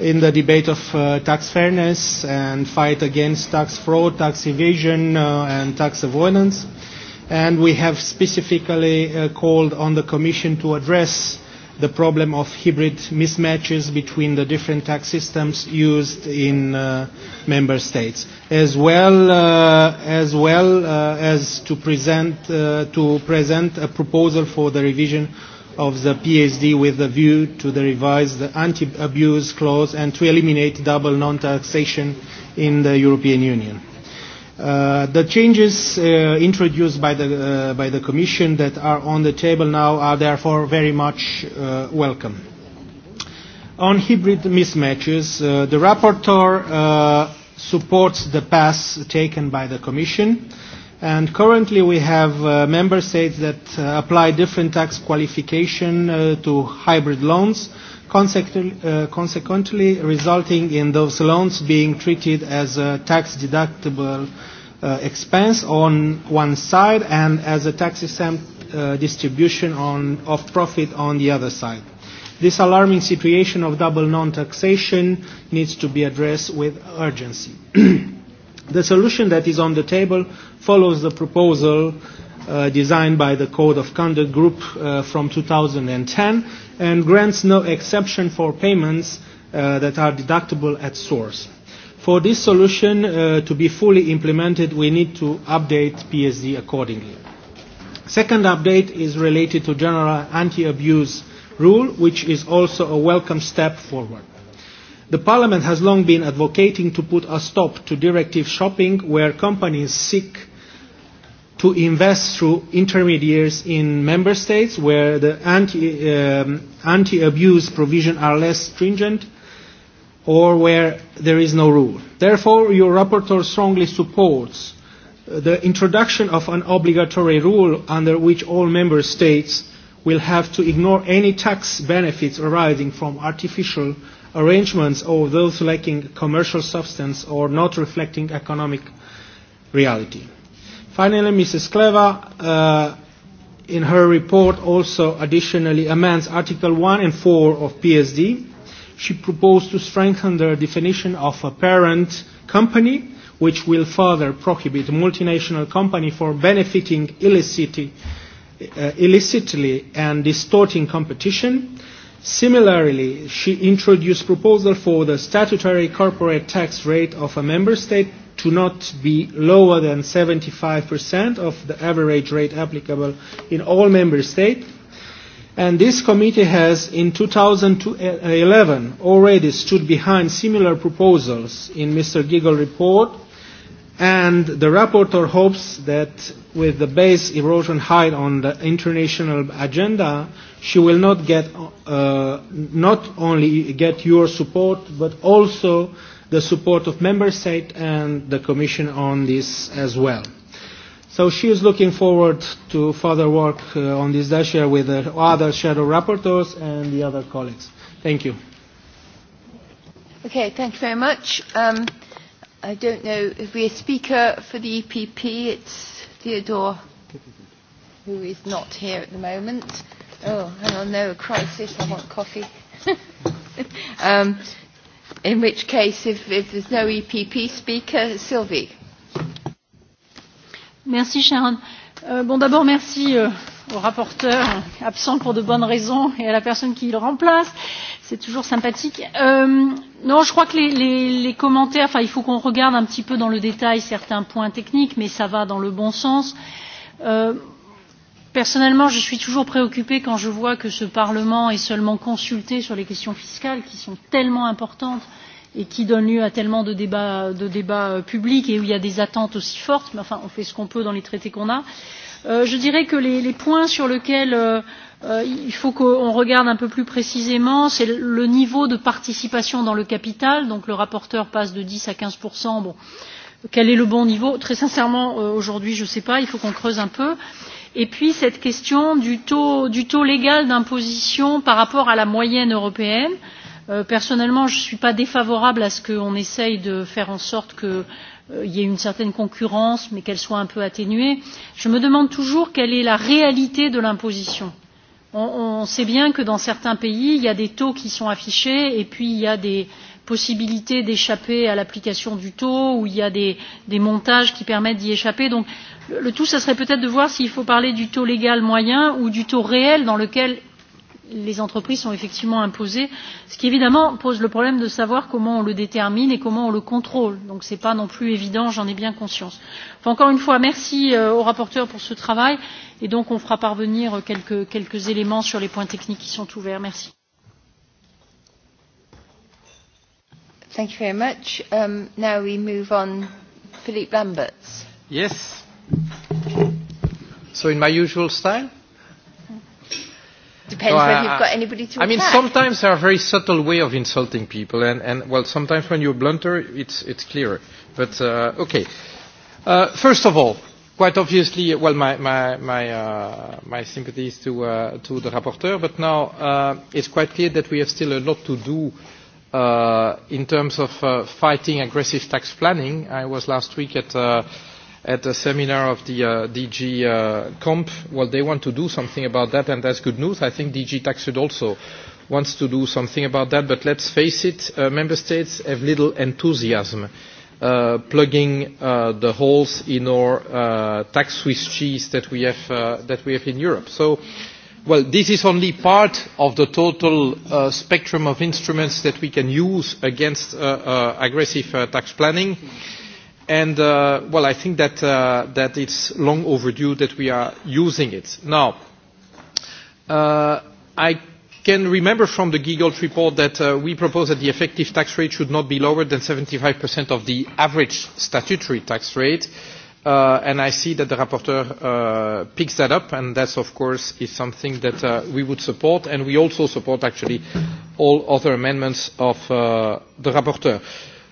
in the debate of uh, tax fairness and fight against tax fraud, tax evasion, uh, and tax avoidance. And we have specifically uh, called on the Commission to address the problem of hybrid mismatches between the different tax systems used in uh, member states, as well uh, as well uh, as to present uh, to present a proposal for the revision of the PSD with a view to the revised anti-abuse clause and to eliminate double non-taxation in the European Union. Uh, the changes uh, introduced by the, uh, by the Commission that are on the table now are therefore very much uh, welcome. On hybrid mismatches, uh, the rapporteur uh, supports the pass taken by the Commission. And currently we have uh, member states that uh, apply different tax qualification uh, to hybrid loans, consequently resulting in those loans being treated as a tax-deductible uh, expense on one side and as a tax-exempt uh, distribution on, of profit on the other side. This alarming situation of double non-taxation needs to be addressed with urgency. the solution that is on the table follows the proposal uh, uh, designed by the Code of Conduct Group uh, from 2010 and grants no exception for payments uh, that are deductible at source. For this solution uh, to be fully implemented, we need to update PSD accordingly. Second update is related to general anti-abuse rule, which is also a welcome step forward. The Parliament has long been advocating to put a stop to directive shopping where companies seek to invest through intermediaries in member states where the anti, um, anti-abuse provision are less stringent or where there is no rule. Therefore, your rapporteur strongly supports the introduction of an obligatory rule under which all member states will have to ignore any tax benefits arising from artificial arrangements or those lacking commercial substance or not reflecting economic reality. Finally, Mrs. Kleva, uh, in her report, also additionally amends Article 1 and 4 of PSD. She proposed to strengthen the definition of a parent company, which will further prohibit multinational company for benefiting illicitly, uh, illicitly and distorting competition. Similarly, she introduced proposal for the statutory corporate tax rate of a member state should not be lower than 75% of the average rate applicable in all member states. And this committee has, in 2011, already stood behind similar proposals in Mr. Giggle's report, and the rapporteur hopes that with the base erosion height on the international agenda, she will not get uh, not only get your support but also the support of member state and the commission on this as well. So she is looking forward to further work uh, on this dossier with the other shadow rapporteurs and the other colleagues. Thank you. Okay, thank you very much. Um, I don't know if we a speaker for the EPP. It's Theodore, who is not here at the moment. Oh, hang on, no, a crisis. I want coffee. um, In which case, if, if there's no EPP speaker, Sylvie. Merci, Sharon. Euh, bon, d'abord, merci euh, au rapporteur, absent pour de bonnes raisons, et à la personne qui le remplace. C'est toujours sympathique. Euh, non, je crois que les, les, les commentaires, enfin, il faut qu'on regarde un petit peu dans le détail certains points techniques, mais ça va dans le bon sens. Euh, personnellement je suis toujours préoccupée quand je vois que ce parlement est seulement consulté sur les questions fiscales qui sont tellement importantes et qui donnent lieu à tellement de débats, de débats publics et où il y a des attentes aussi fortes mais enfin on fait ce qu'on peut dans les traités qu'on a. Euh, je dirais que les, les points sur lesquels euh, euh, il faut qu'on regarde un peu plus précisément, c'est le niveau de participation dans le capital. Donc le rapporteur passe de 10 à 15 Bon, quel est le bon niveau Très sincèrement, euh, aujourd'hui, je ne sais pas. Il faut qu'on creuse un peu. Euh, et puis cette question du taux, du taux légal d'imposition par rapport à la moyenne européenne. Euh, personnellement, je ne suis pas défavorable à ce qu'on essaye de faire en sorte que il y ait une certaine concurrence, mais qu'elle soit un peu atténuée. Je me demande toujours quelle est la réalité de l'imposition. On, on sait bien que dans certains pays, il y a des taux qui sont affichés et puis il y a des possibilités d'échapper à l'application du taux ou il y a des, des montages qui permettent d'y échapper. Donc Le tout, ça serait peut-être de voir s'il faut parler du taux légal moyen ou du taux réel dans lequel les entreprises sont effectivement imposées, ce qui évidemment pose le problème de savoir comment on le détermine et comment on le contrôle. Donc ce n'est pas non plus évident, j'en ai bien conscience. Enfin, encore une fois, merci euh, au rapporteur pour ce travail et donc on fera parvenir quelques, quelques éléments sur les points techniques qui sont ouverts. Merci. Thank you very much. Um, now we move on. Philippe Lamberts. Yes, So in my usual style? Depends no, whether you've got anybody to I mean, sometimes there are very subtle way of insulting people, and, and well, sometimes when you're blunter, it's, it's clearer. But, uh, okay. Uh, first of all, quite obviously, well, my, my, my, uh, my sympathies to, uh, to the rapporteur, but now uh, it's quite clear that we have still a lot to do uh, in terms of uh, fighting aggressive tax planning. I was last week at... Uh, at a seminar of the uh, DG uh, Comp. Well, they want to do something about that, and that's good news. I think DG Taxud also wants to do something about that, but let's face it, uh, member states have little enthusiasm uh, plugging uh, the holes in our uh, tax Swiss cheese that we have, uh, that we have in Europe. So, well, this is only part of the total uh, spectrum of instruments that we can use against uh, uh, aggressive uh, tax planning. Uh, And uh, well, I think that uh, that it's long overdue that we are using it now. Uh, I can remember from the Giegold report that uh, we propose that the effective tax rate should not be lower than 75% of the average statutory tax rate. Uh, and I see that the rapporteur uh, picks that up, and that's of course is something that uh, we would support, and we also support actually all other amendments of uh, the rapporteur.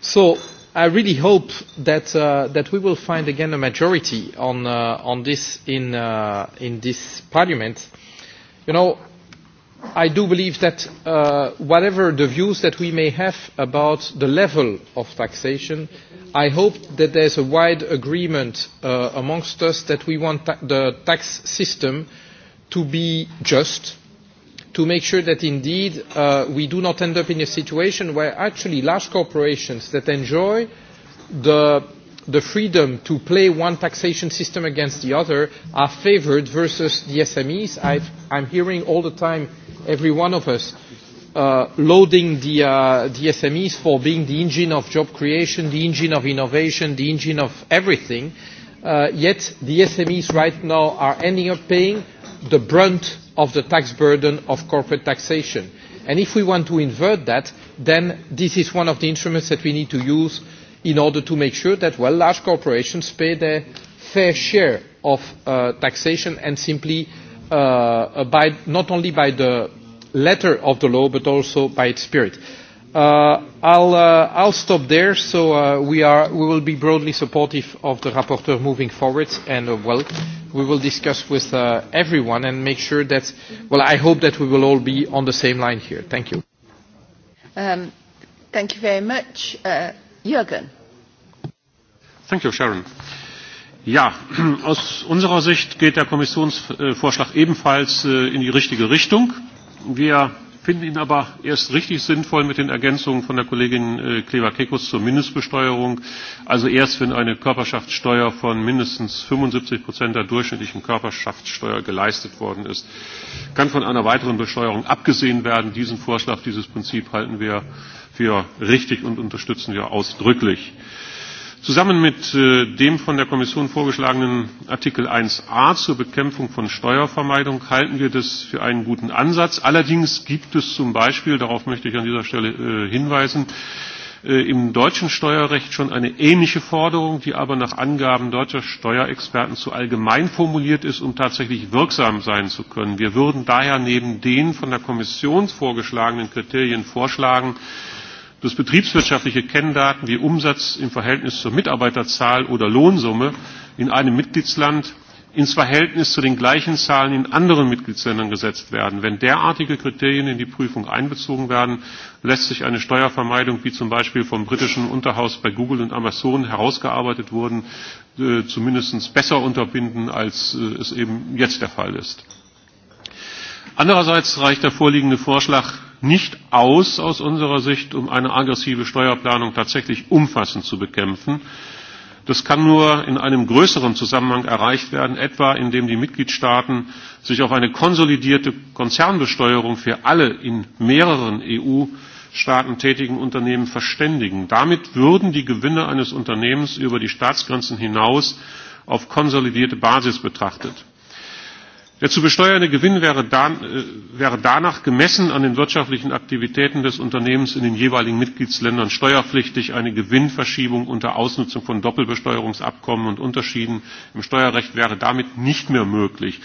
So I really hope that uh, that we will find again a majority on uh, on this in uh, in this parliament. You know, I do believe that uh, whatever the views that we may have about the level of taxation, I hope that there's a wide agreement uh, amongst us that we want ta- the tax system to be just to make sure that indeed uh, we do not end up in a situation where actually large corporations that enjoy the, the freedom to play one taxation system against the other are favored versus the SMEs. I've, I'm hearing all the time, every one of us, uh, loading the, uh, the SMEs for being the engine of job creation, the engine of innovation, the engine of everything. Uh, yet the SMEs right now are ending up paying the brunt of the tax burden of corporate taxation. And if we want to invert that, then this is one of the instruments that we need to use in order to make sure that, well, large corporations pay their fair share of uh, taxation and simply uh, abide not only by the letter of the law, but also by its spirit. Uh, I'll, uh, I'll stop there. So uh, we, are, we will be broadly supportive of the rapporteur moving forward, and uh, well, we will discuss with uh, everyone and make sure that. Well, I hope that we will all be on the same line here. Thank you. Um, thank you very much, uh, Jürgen. Thank you, Sharon. Ja, aus unserer Sicht geht der Kommissionsvorschlag ebenfalls in die richtige Richtung. Wir finde ihn aber erst richtig sinnvoll mit den Ergänzungen von der Kollegin Klever-Kekus zur Mindestbesteuerung, also erst wenn eine Körperschaftssteuer von mindestens 75 Prozent der durchschnittlichen Körperschaftssteuer geleistet worden ist, kann von einer weiteren Besteuerung abgesehen werden. Diesen Vorschlag, dieses Prinzip halten wir für richtig und unterstützen wir ausdrücklich. Zusammen mit dem von der Kommission vorgeschlagenen Artikel 1a zur Bekämpfung von Steuervermeidung halten wir das für einen guten Ansatz. Allerdings gibt es zum Beispiel, darauf möchte ich an dieser Stelle hinweisen, im deutschen Steuerrecht schon eine ähnliche Forderung, die aber nach Angaben deutscher Steuerexperten zu allgemein formuliert ist, um tatsächlich wirksam sein zu können. Wir würden daher neben den von der Kommission vorgeschlagenen Kriterien vorschlagen, Dass betriebswirtschaftliche Kenndaten wie Umsatz im Verhältnis zur Mitarbeiterzahl oder Lohnsumme in einem Mitgliedsland ins Verhältnis zu den gleichen Zahlen in anderen Mitgliedsländern gesetzt werden. Wenn derartige Kriterien in die Prüfung einbezogen werden, lässt sich eine Steuervermeidung, wie zum Beispiel vom britischen Unterhaus bei Google und Amazon herausgearbeitet wurden, zumindest besser unterbinden, als es eben jetzt der Fall ist. Andererseits reicht der vorliegende Vorschlag nicht aus, aus unserer Sicht, um eine aggressive Steuerplanung tatsächlich umfassend zu bekämpfen. Das kann nur in einem größeren Zusammenhang erreicht werden, etwa indem die Mitgliedstaaten sich auf eine konsolidierte Konzernbesteuerung für alle in mehreren EU-Staaten tätigen Unternehmen verständigen. Damit würden die Gewinne eines Unternehmens über die Staatsgrenzen hinaus auf konsolidierte Basis betrachtet. Der zu besteuernde Gewinn wäre, äh, wäre danach gemessen an den wirtschaftlichen Aktivitäten des Unternehmens in den jeweiligen Mitgliedsländern steuerpflichtig. Eine Gewinnverschiebung unter Ausnutzung von Doppelbesteuerungsabkommen und Unterschieden im Steuerrecht wäre damit nicht mehr möglich.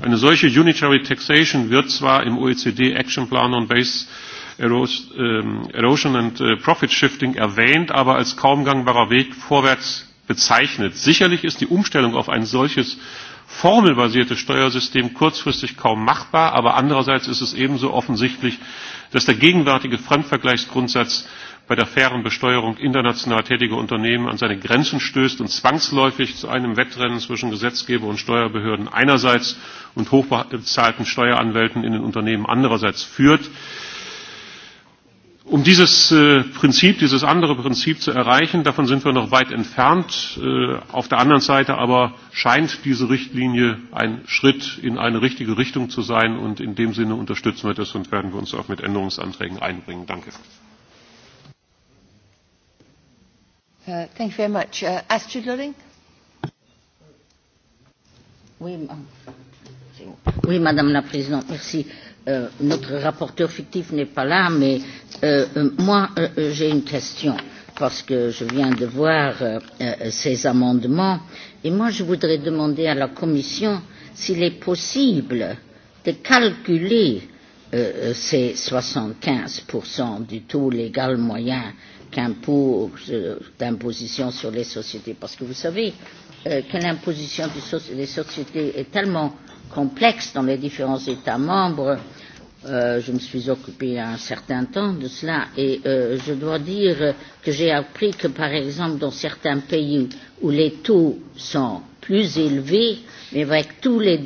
Eine solche Unitary Taxation wird zwar im OECD Action Plan on Base Erosion and Profit Shifting erwähnt, aber als kaum gangbarer Weg vorwärts bezeichnet. Sicherlich ist die Umstellung auf ein solches formelbasiertes Steuersystem kurzfristig kaum machbar, aber andererseits ist es ebenso offensichtlich, dass der gegenwärtige Fremdvergleichsgrundsatz bei der fairen Besteuerung international tätiger Unternehmen an seine Grenzen stößt und zwangsläufig zu einem Wettrennen zwischen Gesetzgeber und Steuerbehörden einerseits und hochbezahlten Steueranwälten in den Unternehmen andererseits führt. Um dieses Prinzip, dieses andere Prinzip zu erreichen, davon sind wir noch weit entfernt. Auf der anderen Seite aber scheint diese Richtlinie ein Schritt in eine richtige Richtung zu sein und in dem Sinne unterstützen wir das und werden wir uns auch mit Änderungsanträgen einbringen. Danke. Uh, thank you very much. Uh, Astrid Lulling? Oui, oui, Madame la Présidente, merci euh, notre rapporteur fictif n'est pas là, mais euh, moi, euh, j'ai une question, parce que je viens de voir euh, euh, ces amendements, et moi, je voudrais demander à la Commission s'il est possible de calculer euh, ces 75% du taux légal moyen euh, d'imposition sur les sociétés, parce que vous savez euh, que l'imposition des sociétés est tellement complexe dans les différents États membres. Euh, je me suis occupée il y a un certain temps de cela et euh, je dois dire que j'ai appris que, par exemple, dans certains pays où les taux sont plus élevés, mais avec tous les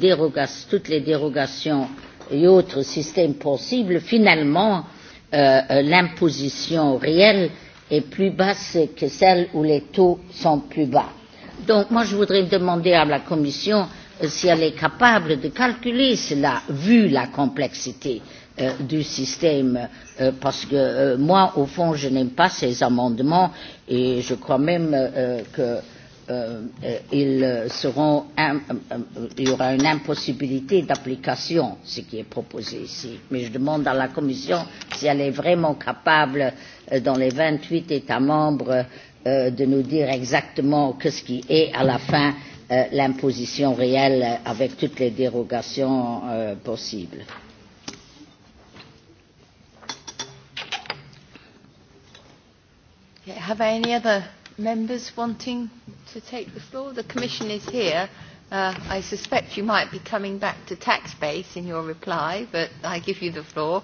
toutes les dérogations et autres systèmes possibles, finalement, euh, l'imposition réelle est plus basse que celle où les taux sont plus bas. Donc, moi, je voudrais demander à la Commission si elle est capable de calculer cela, vu la complexité euh, du système, euh, parce que euh, moi, au fond, je n'aime pas ces amendements et je crois même euh, que euh, ils seront un, il y aura une impossibilité d'application, ce qui est proposé ici. Mais je demande à la Commission si elle est vraiment capable, euh, dans les 28 États membres, euh, de nous dire exactement ce qui est à la fin l'imposition réelle avec toutes les dérogations euh, possibles. Yeah, have any other members wanting to take the floor? The Commission is here. Uh, I suspect you might be coming back to tax base in your reply, but I give you the floor.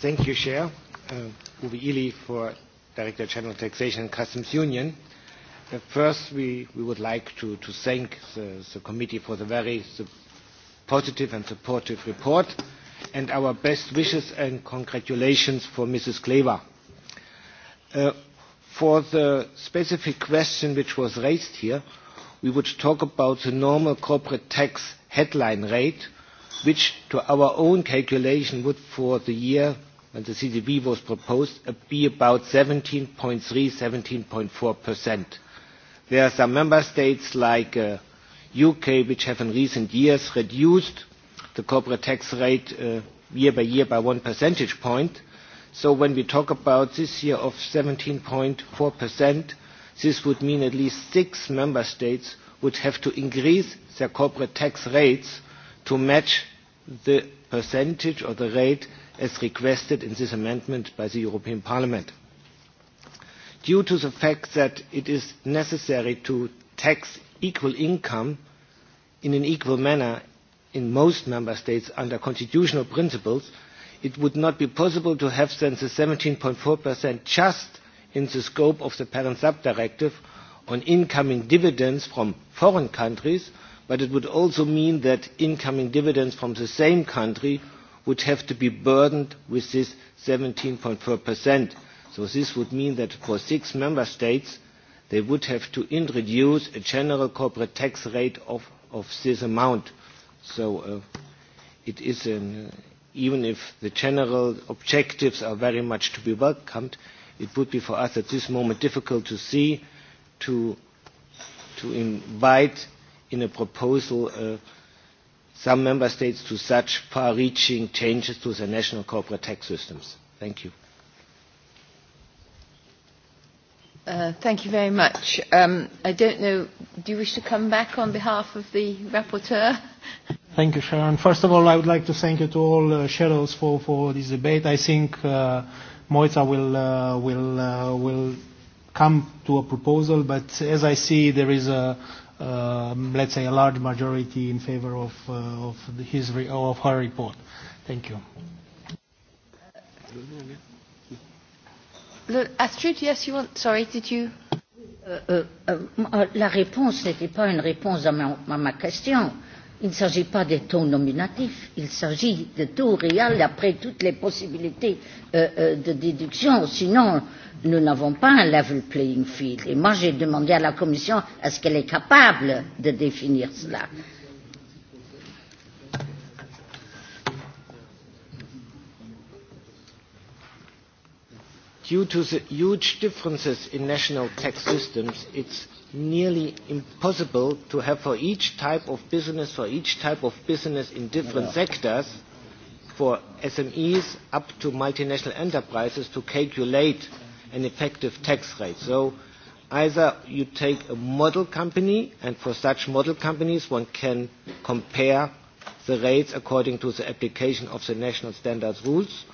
Thank you, Chair. Uh, Uwe Ili for Director General Taxation and Customs Union. First, we, we would like to, to thank the, the committee for the very the positive and supportive report and our best wishes and congratulations for Mrs. Kleva. Uh, for the specific question which was raised here, we would talk about the normal corporate tax headline rate, which to our own calculation would for the year when the CDB was proposed, be about 17.3%-17.4%. There are some member states like the UK which have in recent years reduced the corporate tax rate year by year by one percentage point. So when we talk about this year of 17.4%, this would mean at least six member states would have to increase their corporate tax rates to match the percentage or the rate as requested in this amendment by the European Parliament. Due to the fact that it is necessary to tax equal income in an equal manner in most member states under constitutional principles, it would not be possible to have then the 17.4% just in the scope of the parent sub-directive on incoming dividends from foreign countries, but it would also mean that incoming dividends from the same country would have to be burdened with this 17.4%. So this would mean that for six member states, they would have to introduce a general corporate tax rate of, of this amount. So uh, it is, an, even if the general objectives are very much to be welcomed, it would be for us at this moment difficult to see, to, to invite in a proposal uh, some member states to such far-reaching changes to their national corporate tax systems? Thank you. Uh, thank you very much. Um, I don't know, do you wish to come back on behalf of the rapporteur? Thank you, Sharon. First of all, I would like to thank you to all uh, shadows for, for this debate. I think uh, Moita will, uh, will, uh, will come to a proposal, but as I see, there is a, um, let's say, a large majority in favor of, uh, of, his re- of her report. Thank you. Le, Astrid, yes, you want. Sorry, did you? La réponse n'était pas une réponse à ma, à ma question. Euh, Il ne s'agit pas des taux nominatifs, il s'agit de taux réels après toutes les possibilités euh, euh, de déduction. Sinon, nous n'avons pas un level playing field. Et moi, j'ai demandé à la Commission est-ce qu'elle est capable de définir cela. Due to the huge differences in national tax systems, it's nearly impossible to have for each type of business, for each type of business in different sectors, for SMEs up to multinational enterprises to calculate an effective tax rate. So either you take a model company, and for such model companies, one can compare the rates according to the application of the national standards rules,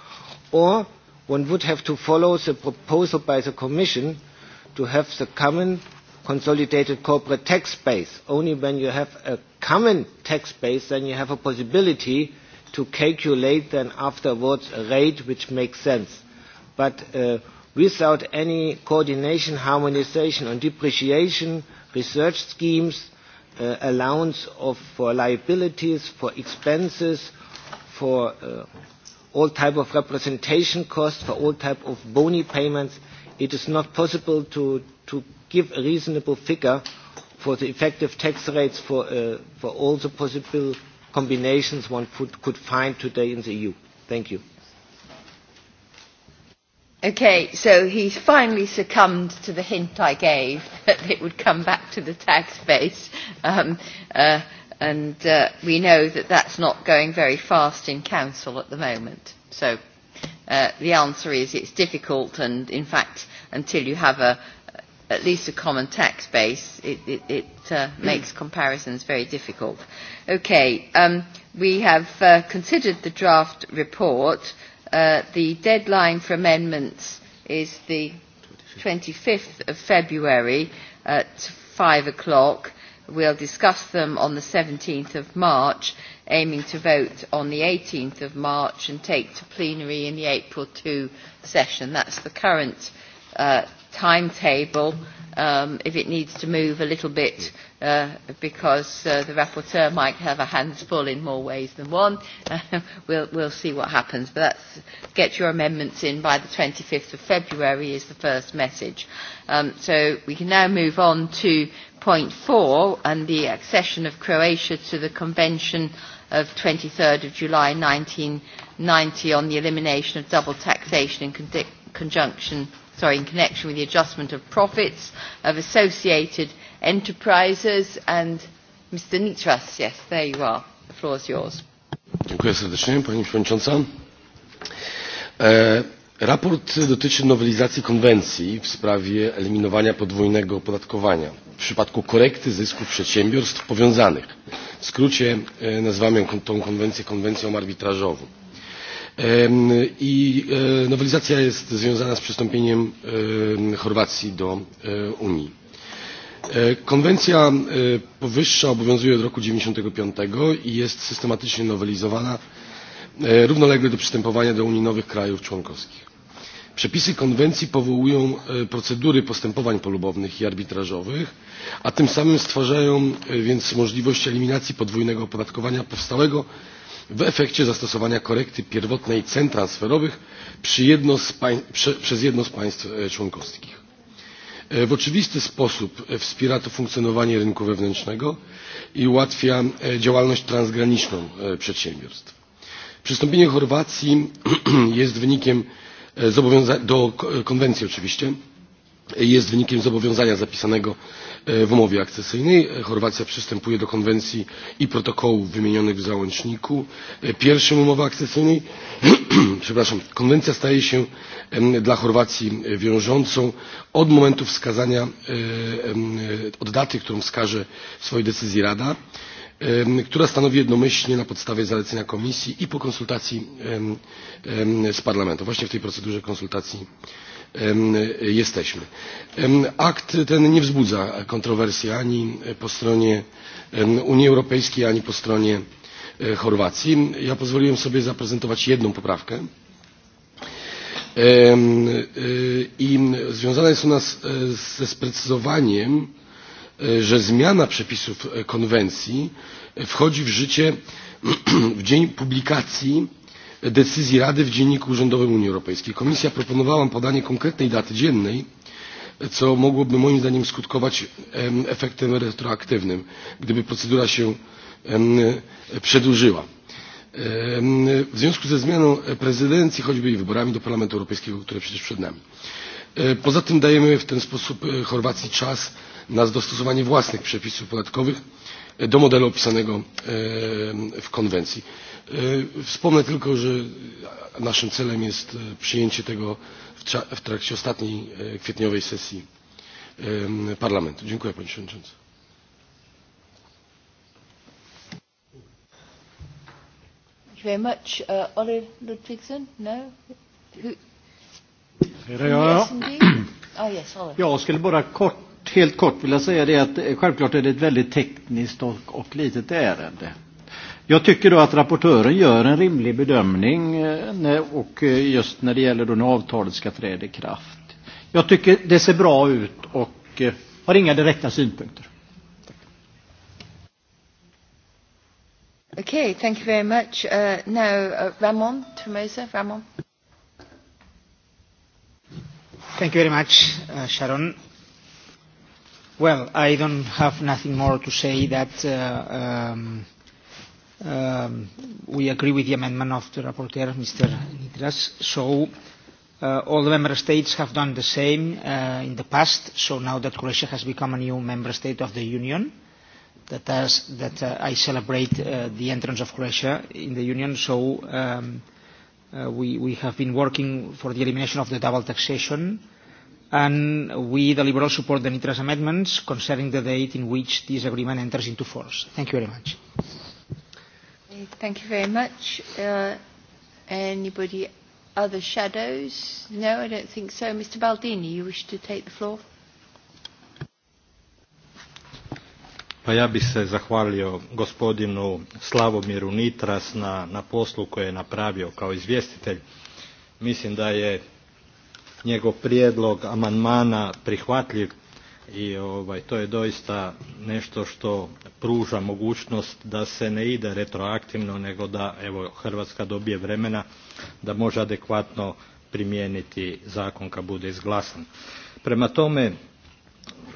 or one would have to follow the proposal by the Commission to have the common consolidated corporate tax base. Only when you have a common tax base, then you have a possibility to calculate then afterwards a rate which makes sense. But uh, without any coordination, harmonization on depreciation, research schemes, uh, allowance of, for liabilities, for expenses, for uh, all type of representation costs, for all type of bony payments, it is not possible to, give a reasonable figure for the effective tax rates for, all the possible combinations one could, find today in the EU. Thank you. Okay, so he's finally succumbed to the hint I gave that it would come back to the tax base. and we know that that's not going very fast in council at the moment. So uh, the answer is it's difficult and in fact until you have a, at least a common tax base it, it, it uh, makes comparisons very difficult. Okay, um, we have uh, considered the draft report. Uh, the deadline for amendments is the 25th of February at 5 o'clock. We'll discuss them on the 17th of March aiming to vote on the 18th of March and take to plenary in the April 2 session. That's the current uh, timetable. Um, if it needs to move a little bit uh, because uh, the rapporteur might have a handful in more ways than one, uh, we'll, we'll see what happens. But that's, get your amendments in by the 25th of February is the first message. Um, so we can now move on to point four and the accession of Croatia to the Convention of 23 of July 1990 on the elimination of double taxation in con- conjunction, sorry, in connection with the adjustment of profits of associated enterprises. And Mr. Nitras, yes, there you are. The floor is yours. Dziękuję serdecznie, Pani Przewodnicząca. E, raport dotyczy nowelizacji konwencji w sprawie eliminowania podwójnego opodatkowania w przypadku korekty zysków przedsiębiorstw powiązanych. W skrócie nazywamy tę konwencję konwencją arbitrażową. I nowelizacja jest związana z przystąpieniem Chorwacji do Unii. Konwencja powyższa obowiązuje od roku 1995 i jest systematycznie nowelizowana równolegle do przystępowania do Unii nowych krajów członkowskich. Przepisy konwencji powołują procedury postępowań polubownych i arbitrażowych, a tym samym stwarzają więc możliwość eliminacji podwójnego opodatkowania powstałego w efekcie zastosowania korekty pierwotnej cen transferowych przez jedno z państw członkowskich. W oczywisty sposób wspiera to funkcjonowanie rynku wewnętrznego i ułatwia działalność transgraniczną przedsiębiorstw. Przystąpienie Chorwacji jest wynikiem do konwencji oczywiście jest wynikiem zobowiązania zapisanego w umowie akcesyjnej. Chorwacja przystępuje do konwencji i protokołów wymienionych w załączniku pierwszym umowy akcesyjnej. Przepraszam, konwencja staje się dla Chorwacji wiążącą od momentu wskazania, od daty, którą wskaże w swojej decyzji Rada która stanowi jednomyślnie na podstawie zalecenia Komisji i po konsultacji z Parlamentem. Właśnie w tej procedurze konsultacji jesteśmy. Akt ten nie wzbudza kontrowersji ani po stronie Unii Europejskiej, ani po stronie Chorwacji. Ja pozwoliłem sobie zaprezentować jedną poprawkę. I związana jest ona ze sprecyzowaniem że zmiana przepisów konwencji wchodzi w życie w dzień publikacji decyzji Rady w Dzienniku Urzędowym Unii Europejskiej. Komisja proponowała podanie konkretnej daty dziennej, co mogłoby moim zdaniem skutkować efektem retroaktywnym, gdyby procedura się przedłużyła. W związku ze zmianą prezydencji, choćby i wyborami do Parlamentu Europejskiego, które przecież przed nami. Poza tym dajemy w ten sposób Chorwacji czas na dostosowanie własnych przepisów podatkowych do modelu opisanego w konwencji. Wspomnę tylko, że naszym celem jest przyjęcie tego w trakcie ostatniej kwietniowej sesji Parlamentu. Dziękuję Panie Przewodniczący. very much. Uh, Ludwigsen? No? Who? Jag skulle bara kort, helt kort vilja säga det att självklart är det ett väldigt tekniskt och, och litet ärende. Jag tycker då att rapportören gör en rimlig bedömning och just när det gäller då när avtalet ska träda i kraft. Jag tycker det ser bra ut och har inga direkta synpunkter. Okay, thank you very much. Uh, now, uh, Ramon Tomasa, Ramon. Thank you very much, uh, Sharon. Well, I don't have nothing more to say that uh, um, um, we agree with the amendment of the rapporteur, Mr. Nitras. So uh, all the member states have done the same uh, in the past. So now that Croatia has become a new member state of the Union, that, has, that uh, I celebrate uh, the entrance of Croatia in the Union. So um, we, we have been working for the elimination of the double taxation, and we, the Liberals, support the NITRAS amendments concerning the date in which this agreement enters into force. Thank you very much. Thank you very much. Uh, anybody, other shadows? No, I don't think so. Mr. Baldini, you wish to take the floor? Pa ja bih se zahvalio gospodinu Slavomiru Nitras na, na poslu koje je napravio kao izvjestitelj. Mislim da je njegov prijedlog amandmana prihvatljiv i ovaj, to je doista nešto što pruža mogućnost da se ne ide retroaktivno nego da evo, Hrvatska dobije vremena da može adekvatno primijeniti zakon kad bude izglasan. Prema tome,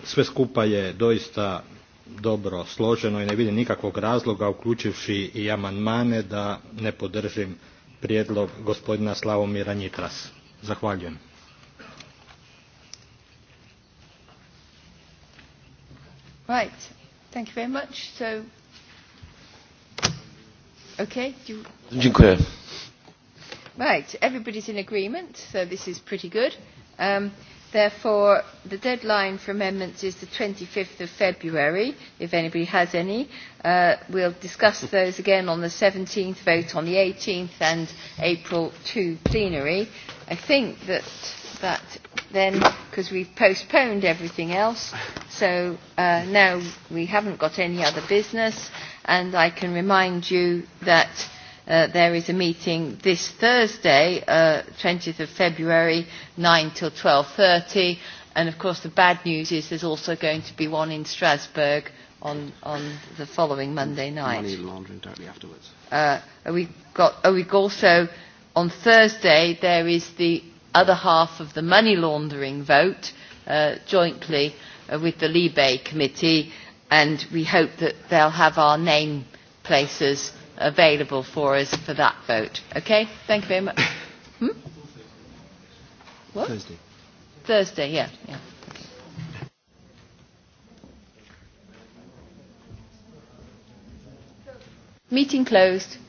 sve skupa je doista dobro složeno i ne vidim nikakvog razloga, uključivši i amandmane, da ne podržim prijedlog gospodina Slavomira Njitrasa. Zahvaljujem. Right. Thank you very much. So, okay. Do You... Dziękuję. Right. Everybody's in agreement, so this is pretty good. Um, Therefore, the deadline for amendments is the 25th of February, if anybody has any. Uh, we'll discuss those again on the 17th, vote on the 18th, and April 2 plenary. I think that that then, because we've postponed everything else, so uh, now we haven't got any other business, and I can remind you that Uh, there is a meeting this Thursday, uh, 20th of February, 9 till 12.30. And of course the bad news is there's also going to be one in Strasbourg on, on the following Monday night. Money laundering directly afterwards. Uh, we've got, oh, we also, on Thursday, there is the other half of the money laundering vote uh, jointly uh, with the Libe Committee, and we hope that they'll have our name places available for us for that vote. Okay? Thank you very much. Hmm? What? Thursday. Thursday, yeah. yeah. Meeting closed.